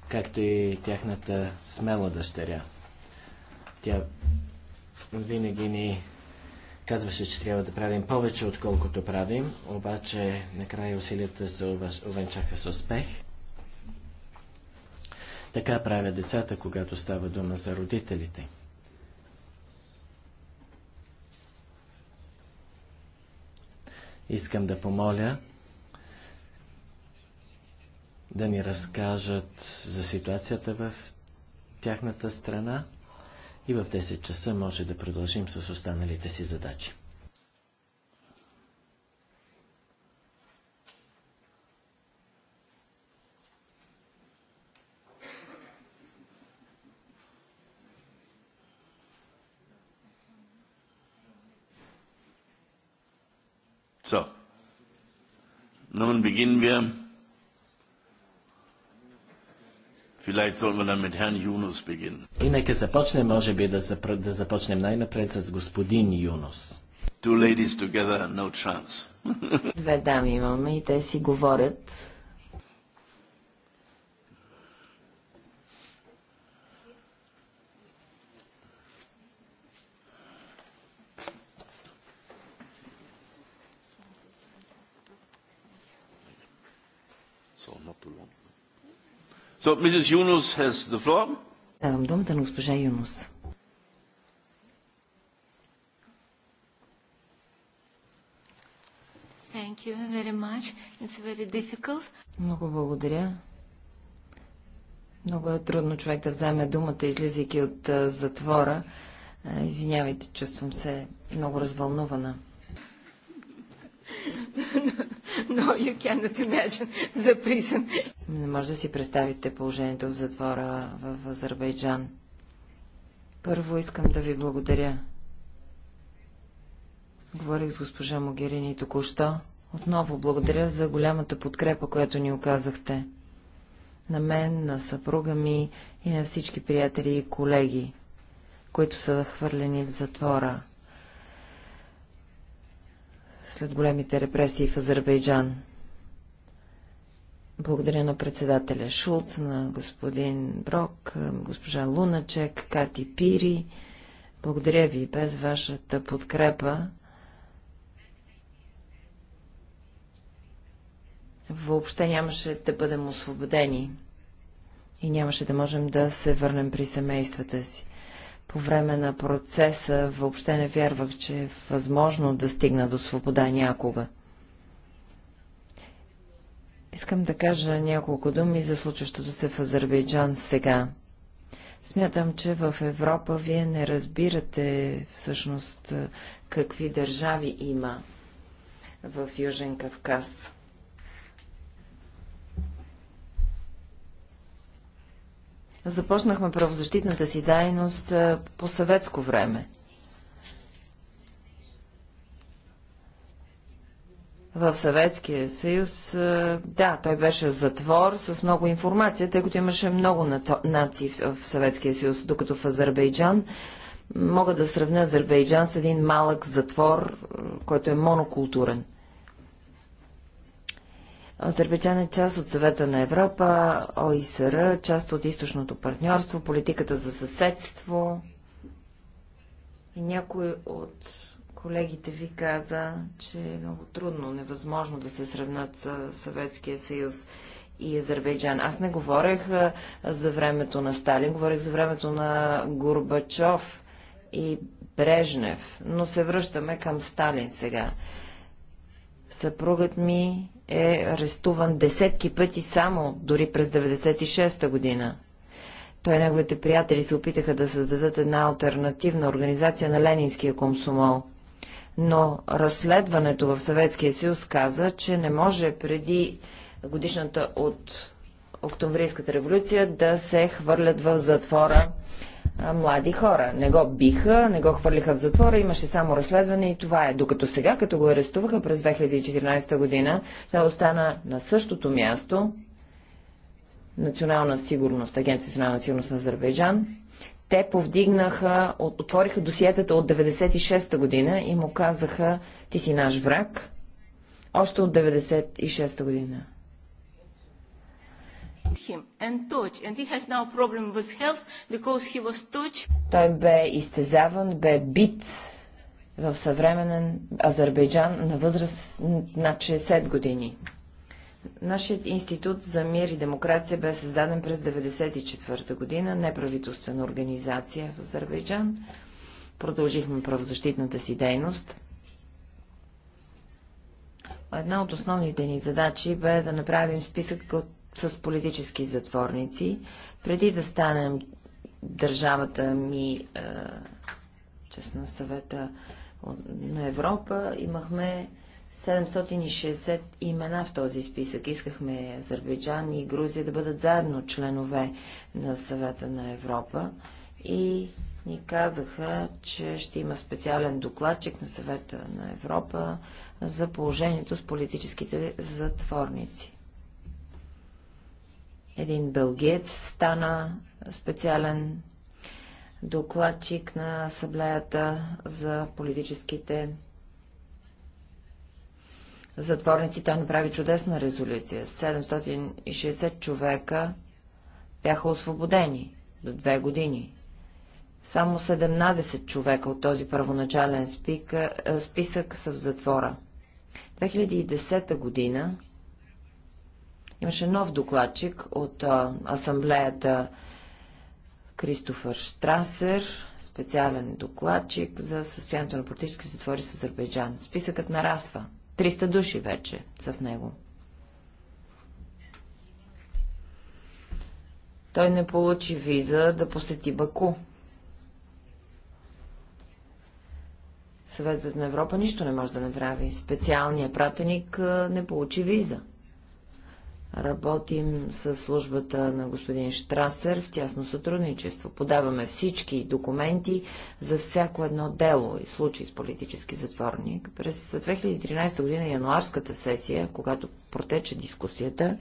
както и тяхната смела дъщеря. Тя винаги ни казваше, че трябва да правим повече, отколкото правим, обаче накрая усилията се увенчаха с успех. Така правят децата, когато става дума за родителите. Искам да помоля да ни разкажат за ситуацията в тяхната страна и в 10 часа може да продължим с останалите си задачи. So. Nun beginnen wir. Vielleicht sollten wir dann mit Herrn Yunus beginnen. И нека започнем, може би да, запр... да започнем най-напред с господин Юнус. Two ladies together, no chance. Две дами имаме и те си говорят So, Mrs. Yunus has the floor. Давам думата на госпожа Юнус. Thank you very much. It's very difficult. Много благодаря. Много е трудно човек да вземе думата, излизайки от затвора. извинявайте, чувствам се много развълнувана. но you cannot imagine the prison. Не може да си представите положението в затвора в Азербайджан. Първо искам да ви благодаря. Говорих с госпожа Могерини току-що. Отново благодаря за голямата подкрепа, която ни оказахте. На мен, на съпруга ми и на всички приятели и колеги, които са хвърлени в затвора след големите репресии в Азербайджан. Благодаря на председателя Шулц, на господин Брок, госпожа Луначек, Кати Пири. Благодаря ви. Без вашата подкрепа въобще нямаше да бъдем освободени и нямаше да можем да се върнем при семействата си по време на процеса въобще не вярвах, че е възможно да стигна до свобода някога. Искам да кажа няколко думи за случващото се в Азербайджан сега. Смятам, че в Европа вие не разбирате всъщност какви държави има в Южен Кавказ. Започнахме правозащитната си дайност по съветско време. в Съветския съюз, да, той беше затвор с много информация, тъй като имаше много нации в Съветския съюз, докато в Азербайджан мога да сравня Азербайджан с един малък затвор, който е монокултурен. Азербайджан е част от съвета на Европа, ОИСР, част от източното партньорство, политиката за съседство. И някой от колегите ви каза, че е много трудно, невъзможно да се сравнат с Съветския съюз и Азербайджан. Аз не говорех за времето на Сталин, говорех за времето на Горбачов и Брежнев, но се връщаме към Сталин сега. Съпругът ми е арестуван десетки пъти само, дори през 96-та година. Той и неговите приятели се опитаха да създадат една альтернативна организация на Ленинския комсомол. Но разследването в Съветския съюз каза, че не може преди годишната от Октомврийската революция да се хвърлят в затвора млади хора. Не го биха, не го хвърлиха в затвора, имаше само разследване и това е. Докато сега, като го арестуваха през 2014 година, тя остана на същото място, Национална сигурност, Агенция национална сигурност на Азербайджан. Те повдигнаха, отвориха досиетата от 96-та година и му казаха, ти си наш враг, още от 96-та година him and touch, and he has now problem with health because he was touch. Той бе изтезаван, бе бит в съвременен Азербайджан на възраст над 60 години. Нашият институт за мир и демокрация бе създаден през 1994 година, неправителствена организация в Азербайджан. Продължихме правозащитната си дейност. Една от основните ни задачи бе да направим списък от с политически затворници, преди да станем държавата ми, е, чест на съвета на Европа, имахме 760 имена в този списък. Искахме Азербайджан и Грузия да бъдат заедно членове на съвета на Европа и ни казаха, че ще има специален докладчик на съвета на Европа за положението с политическите затворници. Един бългиец стана специален докладчик на Асамблеята за политическите затворници. Той направи чудесна резолюция. 760 човека бяха освободени за две години. Само 17 човека от този първоначален е, списък са в затвора. 2010 година Имаше нов докладчик от а, асамблеята Кристофър Штрасер, специален докладчик за състоянието на политически затвори с Азербайджан. Списъкът нарасва. 300 души вече са в него. Той не получи виза да посети Баку. Съветът на Европа нищо не може да направи. Специалният пратеник не получи виза. Работим с службата на господин Штрасер в тясно сътрудничество. Подаваме всички документи за всяко едно дело и случай с политически затворник. През 2013 година януарската сесия, когато протече дискусията,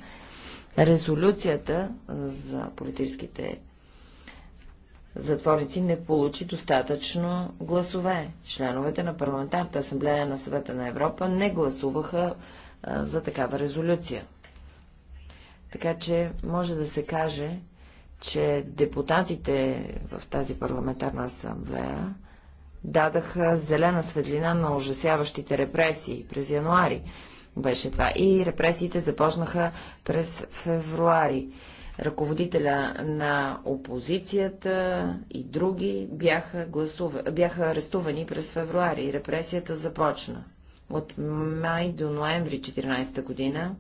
резолюцията за политическите затворници не получи достатъчно гласове. Членовете на парламентарната асамблея на съвета на Европа не гласуваха за такава резолюция. Така че може да се каже, че депутатите в тази парламентарна асамблея дадаха зелена светлина на ужасяващите репресии през януари. Беше това. И репресиите започнаха през февруари. Ръководителя на опозицията и други бяха, гласува... бяха арестувани през февруари. Репресията започна. От май до ноември 2014 година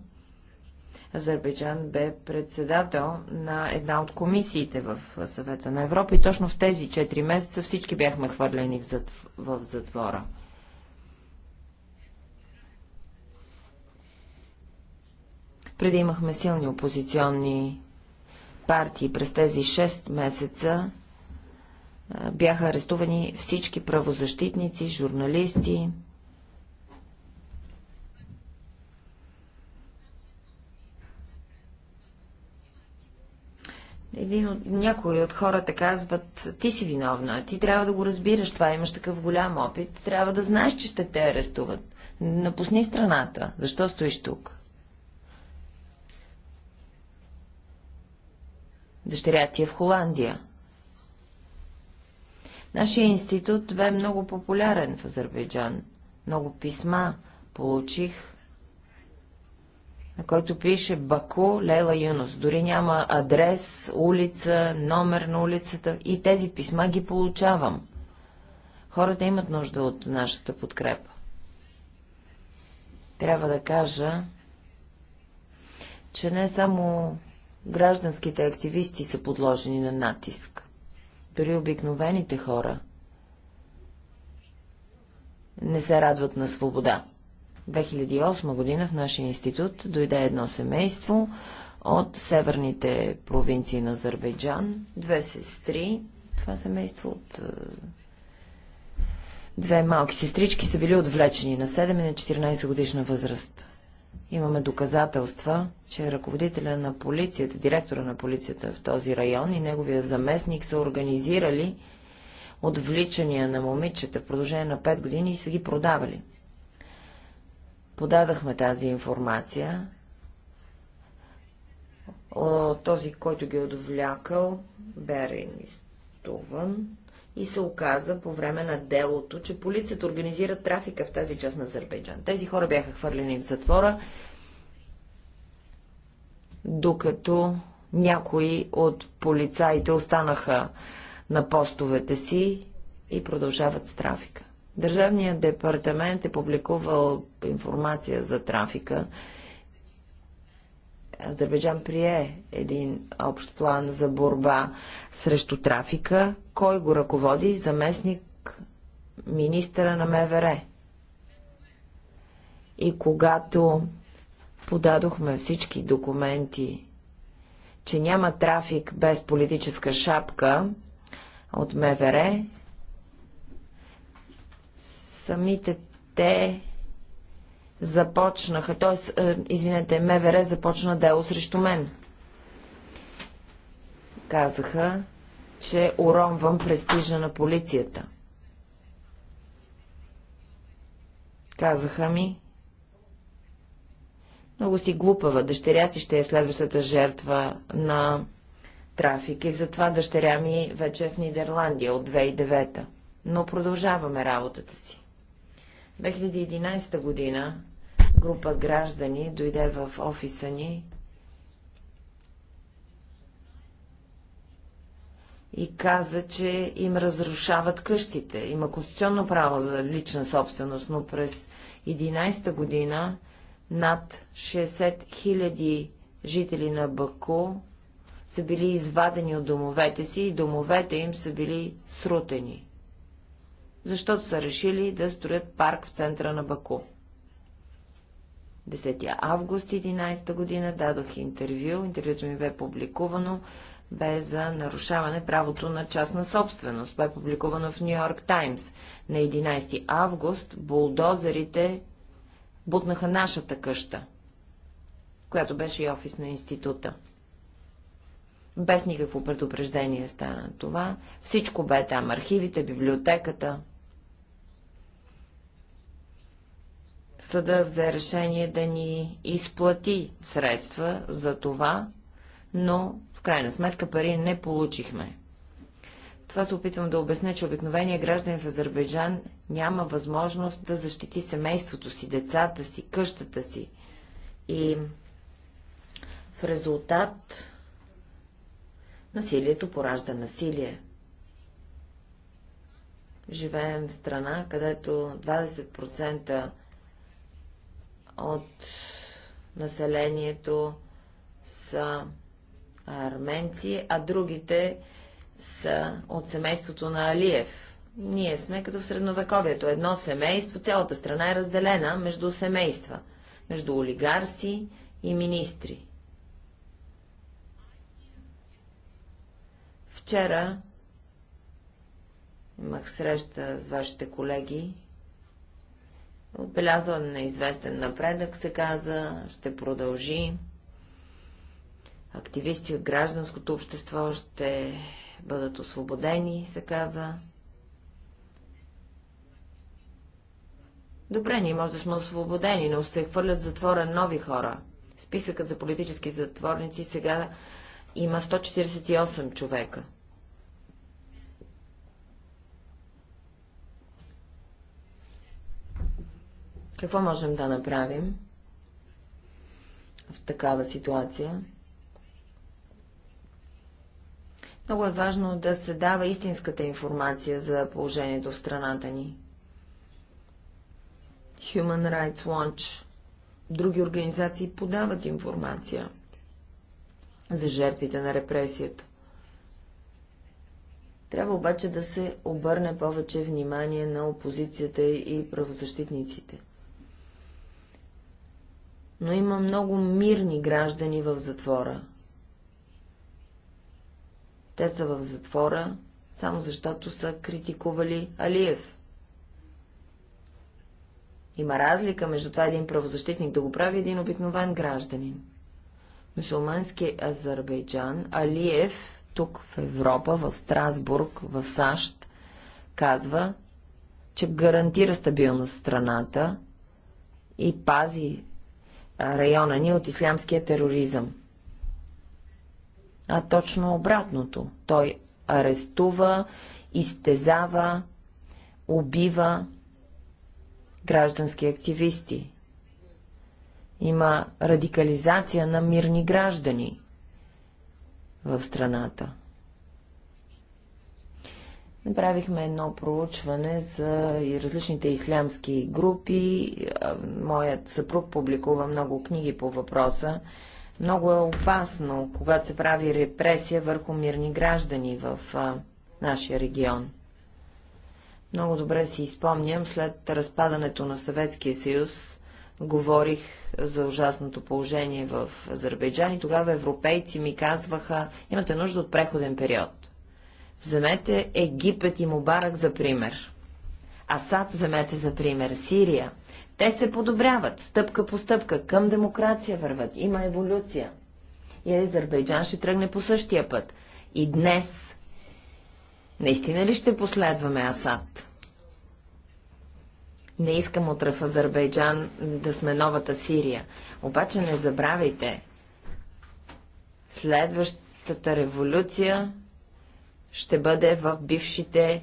Азербайджан бе председател на една от комисиите в съвета на Европа и точно в тези 4 месеца всички бяхме хвърлени в, затв... в затвора. Преди имахме силни опозиционни партии. През тези 6 месеца бяха арестувани всички правозащитници, журналисти, един от, някои от хората казват, ти си виновна, ти трябва да го разбираш, това имаш такъв голям опит, трябва да знаеш, че ще те арестуват. Напусни страната, защо стоиш тук? Дъщеря ти е в Холандия. Нашия институт бе много популярен в Азербайджан. Много писма получих на който пише Баку Лела Юнус. Дори няма адрес, улица, номер на улицата и тези писма ги получавам. Хората имат нужда от нашата подкрепа. Трябва да кажа, че не само гражданските активисти са подложени на натиск. Дори обикновените хора не се радват на свобода. 2008 година в нашия институт дойде едно семейство от северните провинции на Азербайджан. Две сестри. Това семейство от е, две малки сестрички са били отвлечени на 7 и на 14 годишна възраст. Имаме доказателства, че ръководителя на полицията, директора на полицията в този район и неговия заместник са организирали отвличания на момичета в продължение на 5 години и са ги продавали подадахме тази информация. Този, който ги е отвлякал, бе арестуван и се оказа по време на делото, че полицията организира трафика в тази част на Азербайджан. Тези хора бяха хвърлени в затвора, докато някои от полицаите останаха на постовете си и продължават с трафика. Държавният департамент е публикувал информация за трафика. Азербайджан прие един общ план за борба срещу трафика. Кой го ръководи? Заместник министра на МВР. И когато подадохме всички документи, че няма трафик без политическа шапка от МВР, самите те започнаха, т.е. Е, извинете, МВР започна дело срещу мен. Казаха, че уронвам престижа на полицията. Казаха ми, много си глупава, дъщеря ти ще е следващата жертва на трафик и затова дъщеря ми е вече е в Нидерландия от 2009 но продължаваме работата си. 2011 година група граждани дойде в офиса ни и каза, че им разрушават къщите. Има конституционно право за лична собственост, но през 11-та година над 60 000 жители на Баку са били извадени от домовете си и домовете им са били срутени защото са решили да строят парк в центъра на Баку. 10 август 2011 година дадох интервю, интервюто ми бе публикувано, бе за нарушаване правото на частна собственост. Бе публикувано в Нью Йорк Таймс. На 11 август булдозерите бутнаха нашата къща, която беше и офис на института. Без никакво предупреждение стана това. Всичко бе там. Архивите, библиотеката. Съда взе решение да ни изплати средства за това, но в крайна сметка пари не получихме. Това се опитвам да обясня, че обикновения гражданин в Азербайджан няма възможност да защити семейството си, децата си, къщата си. И в резултат Насилието поражда насилие. Живеем в страна, където 20% от населението са арменци, а другите са от семейството на Алиев. Ние сме като в средновековието. Едно семейство, цялата страна е разделена между семейства, между олигарси и министри. Вчера имах среща с вашите колеги. на известен напредък, се каза, ще продължи. Активисти от гражданското общество ще бъдат освободени, се каза. Добре, ние може да сме освободени, но се хвърлят затвора нови хора. Списъкът за политически затворници сега има 148 човека. Какво можем да направим в такава ситуация? Много е важно да се дава истинската информация за положението в страната ни. Human Rights Watch, други организации подават информация за жертвите на репресията. Трябва обаче да се обърне повече внимание на опозицията и правозащитниците но има много мирни граждани в затвора. Те са в затвора, само защото са критикували Алиев. Има разлика между това един правозащитник да го прави един обикновен гражданин. Мусулмански Азербайджан, Алиев, тук в Европа, в Страсбург, в САЩ, казва, че гарантира стабилност в страната и пази района ни от ислямския тероризъм. А точно обратното. Той арестува, изтезава, убива граждански активисти. Има радикализация на мирни граждани в страната. Направихме едно проучване за различните ислямски групи. Моят съпруг публикува много книги по въпроса. Много е опасно, когато се прави репресия върху мирни граждани в а, нашия регион. Много добре си изпомням, след разпадането на Съветския съюз, говорих за ужасното положение в Азербайджан и тогава европейци ми казваха, имате нужда от преходен период. Вземете Египет и Мубарак за пример. Асад вземете за пример. Сирия. Те се подобряват, стъпка по стъпка, към демокрация върват, има еволюция. И Азербайджан ще тръгне по същия път. И днес, наистина ли ще последваме Асад? Не искам от в Азербайджан да сме новата Сирия. Обаче не забравяйте, следващата революция ще бъде в бившите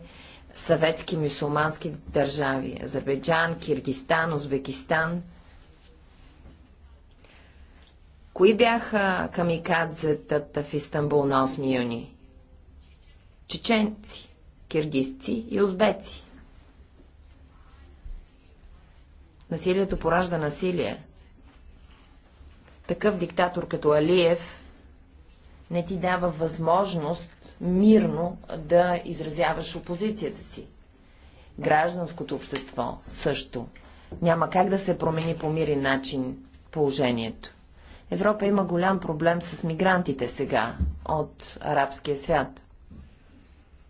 съветски мусулмански държави – Азербайджан, Киргистан, Узбекистан. Кои бяха камикадзетата в Истанбул на 8 юни? Чеченци, киргизци и узбеци. Насилието поражда насилие. Такъв диктатор като Алиев не ти дава възможност мирно да изразяваш опозицията си. Гражданското общество също. Няма как да се промени по мирен начин положението. Европа има голям проблем с мигрантите сега от арабския свят.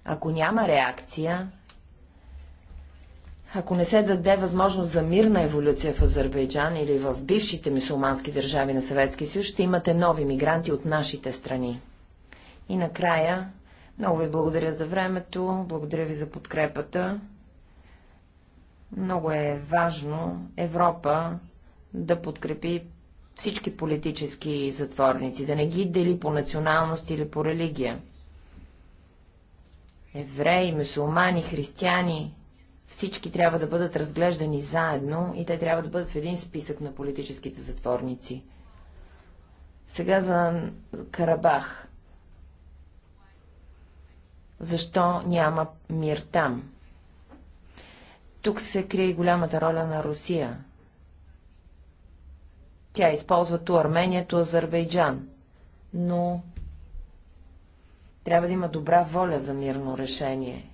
Ако няма реакция, ако не се даде възможност за мирна еволюция в Азербайджан или в бившите мусулмански държави на Съветски съюз, ще имате нови мигранти от нашите страни. И накрая, много ви благодаря за времето, благодаря ви за подкрепата. Много е важно Европа да подкрепи всички политически затворници, да не ги дели по националност или по религия. Евреи, мусулмани, християни, всички трябва да бъдат разглеждани заедно и те трябва да бъдат в един списък на политическите затворници. Сега за Карабах. Защо няма мир там? Тук се крие голямата роля на Русия. Тя използва ту Армения, ту Азербайджан. Но трябва да има добра воля за мирно решение.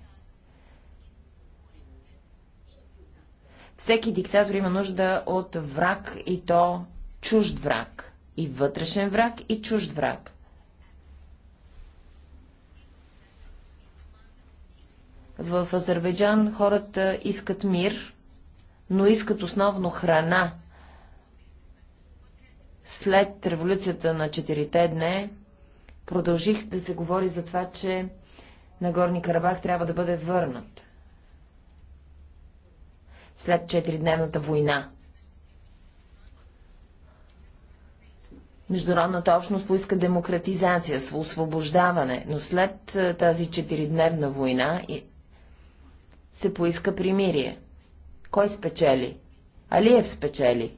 Всеки диктатор има нужда от враг и то чужд враг. И вътрешен враг, и чужд враг. В Азербайджан хората искат мир, но искат основно храна. След революцията на четирите дне продължих да се говори за това, че Нагорни Карабах трябва да бъде върнат след 4-дневната война. Международната общност поиска демократизация, освобождаване, но след е, тази 4-дневна война се поиска примирие. Кой спечели? Алиев спечели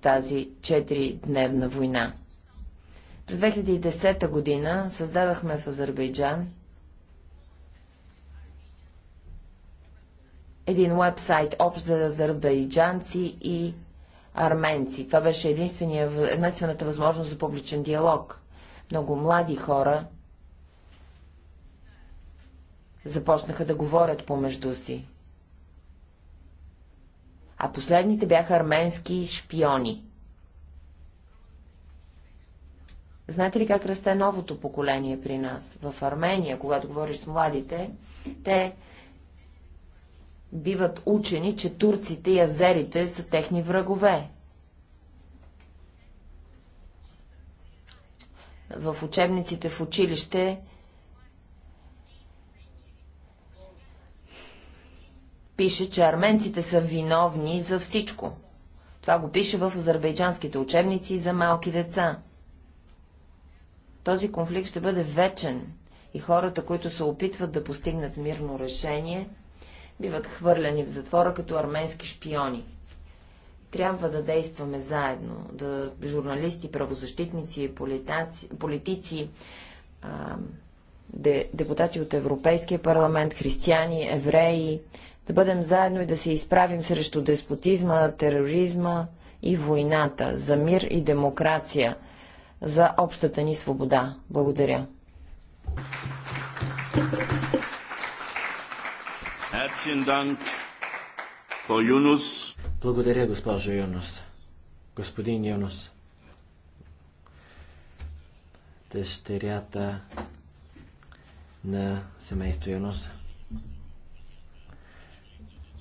тази 4-дневна война. През 2010 година създадахме в Азербайджан един вебсайт общ за азербайджанци и арменци. Това беше единствената възможност за публичен диалог. Много млади хора започнаха да говорят помежду си. А последните бяха арменски шпиони. Знаете ли как расте новото поколение при нас? В Армения, когато говориш с младите, те биват учени, че турците и азерите са техни врагове. В учебниците в училище пише, че арменците са виновни за всичко. Това го пише в азербайджанските учебници за малки деца. Този конфликт ще бъде вечен и хората, които се опитват да постигнат мирно решение, биват хвърляни в затвора като арменски шпиони. Трябва да действаме заедно, да журналисти, правозащитници, политаци, политици, а, де, депутати от Европейския парламент, християни, евреи, да бъдем заедно и да се изправим срещу деспотизма, тероризма и войната, за мир и демокрация, за общата ни свобода. Благодаря. Благодаря, госпожо Юнус. Господин Юнус, дъщерята на семейство Юнус.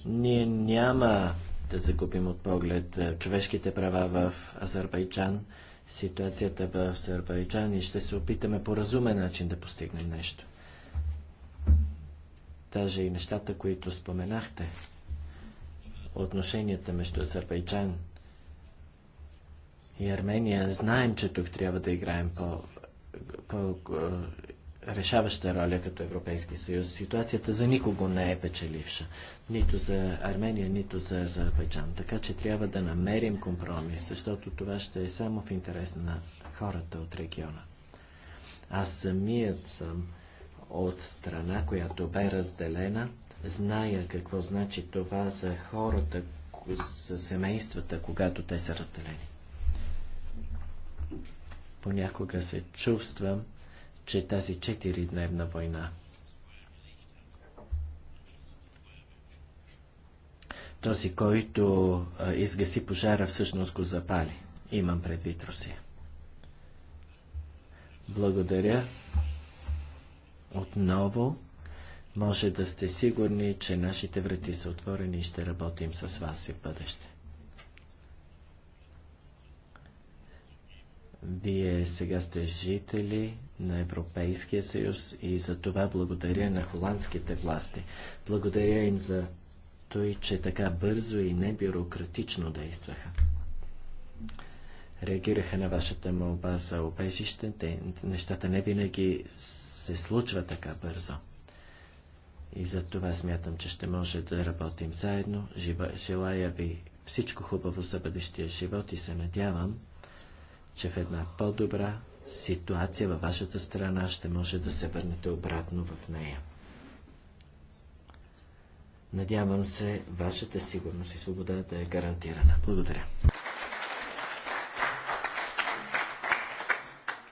Ние няма да загубим от поглед човешките права в Азербайджан, ситуацията в Азербайджан и ще се опитаме по разумен начин да постигнем нещо даже и нещата, които споменахте, отношенията между Азербайджан и Армения, знаем, че тук трябва да играем по, по решаваща роля като Европейски съюз. Ситуацията за никого не е печеливша. Нито за Армения, нито за Азербайджан. Така че трябва да намерим компромис, защото това ще е само в интерес на хората от региона. Аз самият съм от страна, която бе разделена. Зная какво значи това за хората, за семействата, когато те са разделени. Понякога се чувствам, че тази четиридневна война този, който а, изгаси пожара, всъщност го запали. Имам предвид Русия. Благодаря. Отново може да сте сигурни, че нашите врати са отворени и ще работим с вас и в бъдеще. Вие сега сте жители на Европейския съюз и за това благодаря на холандските власти. Благодаря им за той, че така бързо и небюрократично действаха. Реагираха на вашата молба за обежище. Нещата не винаги са се случва така бързо. И за това смятам, че ще може да работим заедно. Жива, желая ви всичко хубаво за бъдещия живот и се надявам, че в една по-добра ситуация във вашата страна ще може да се върнете обратно в нея. Надявам се вашата сигурност и свобода да е гарантирана. Благодаря.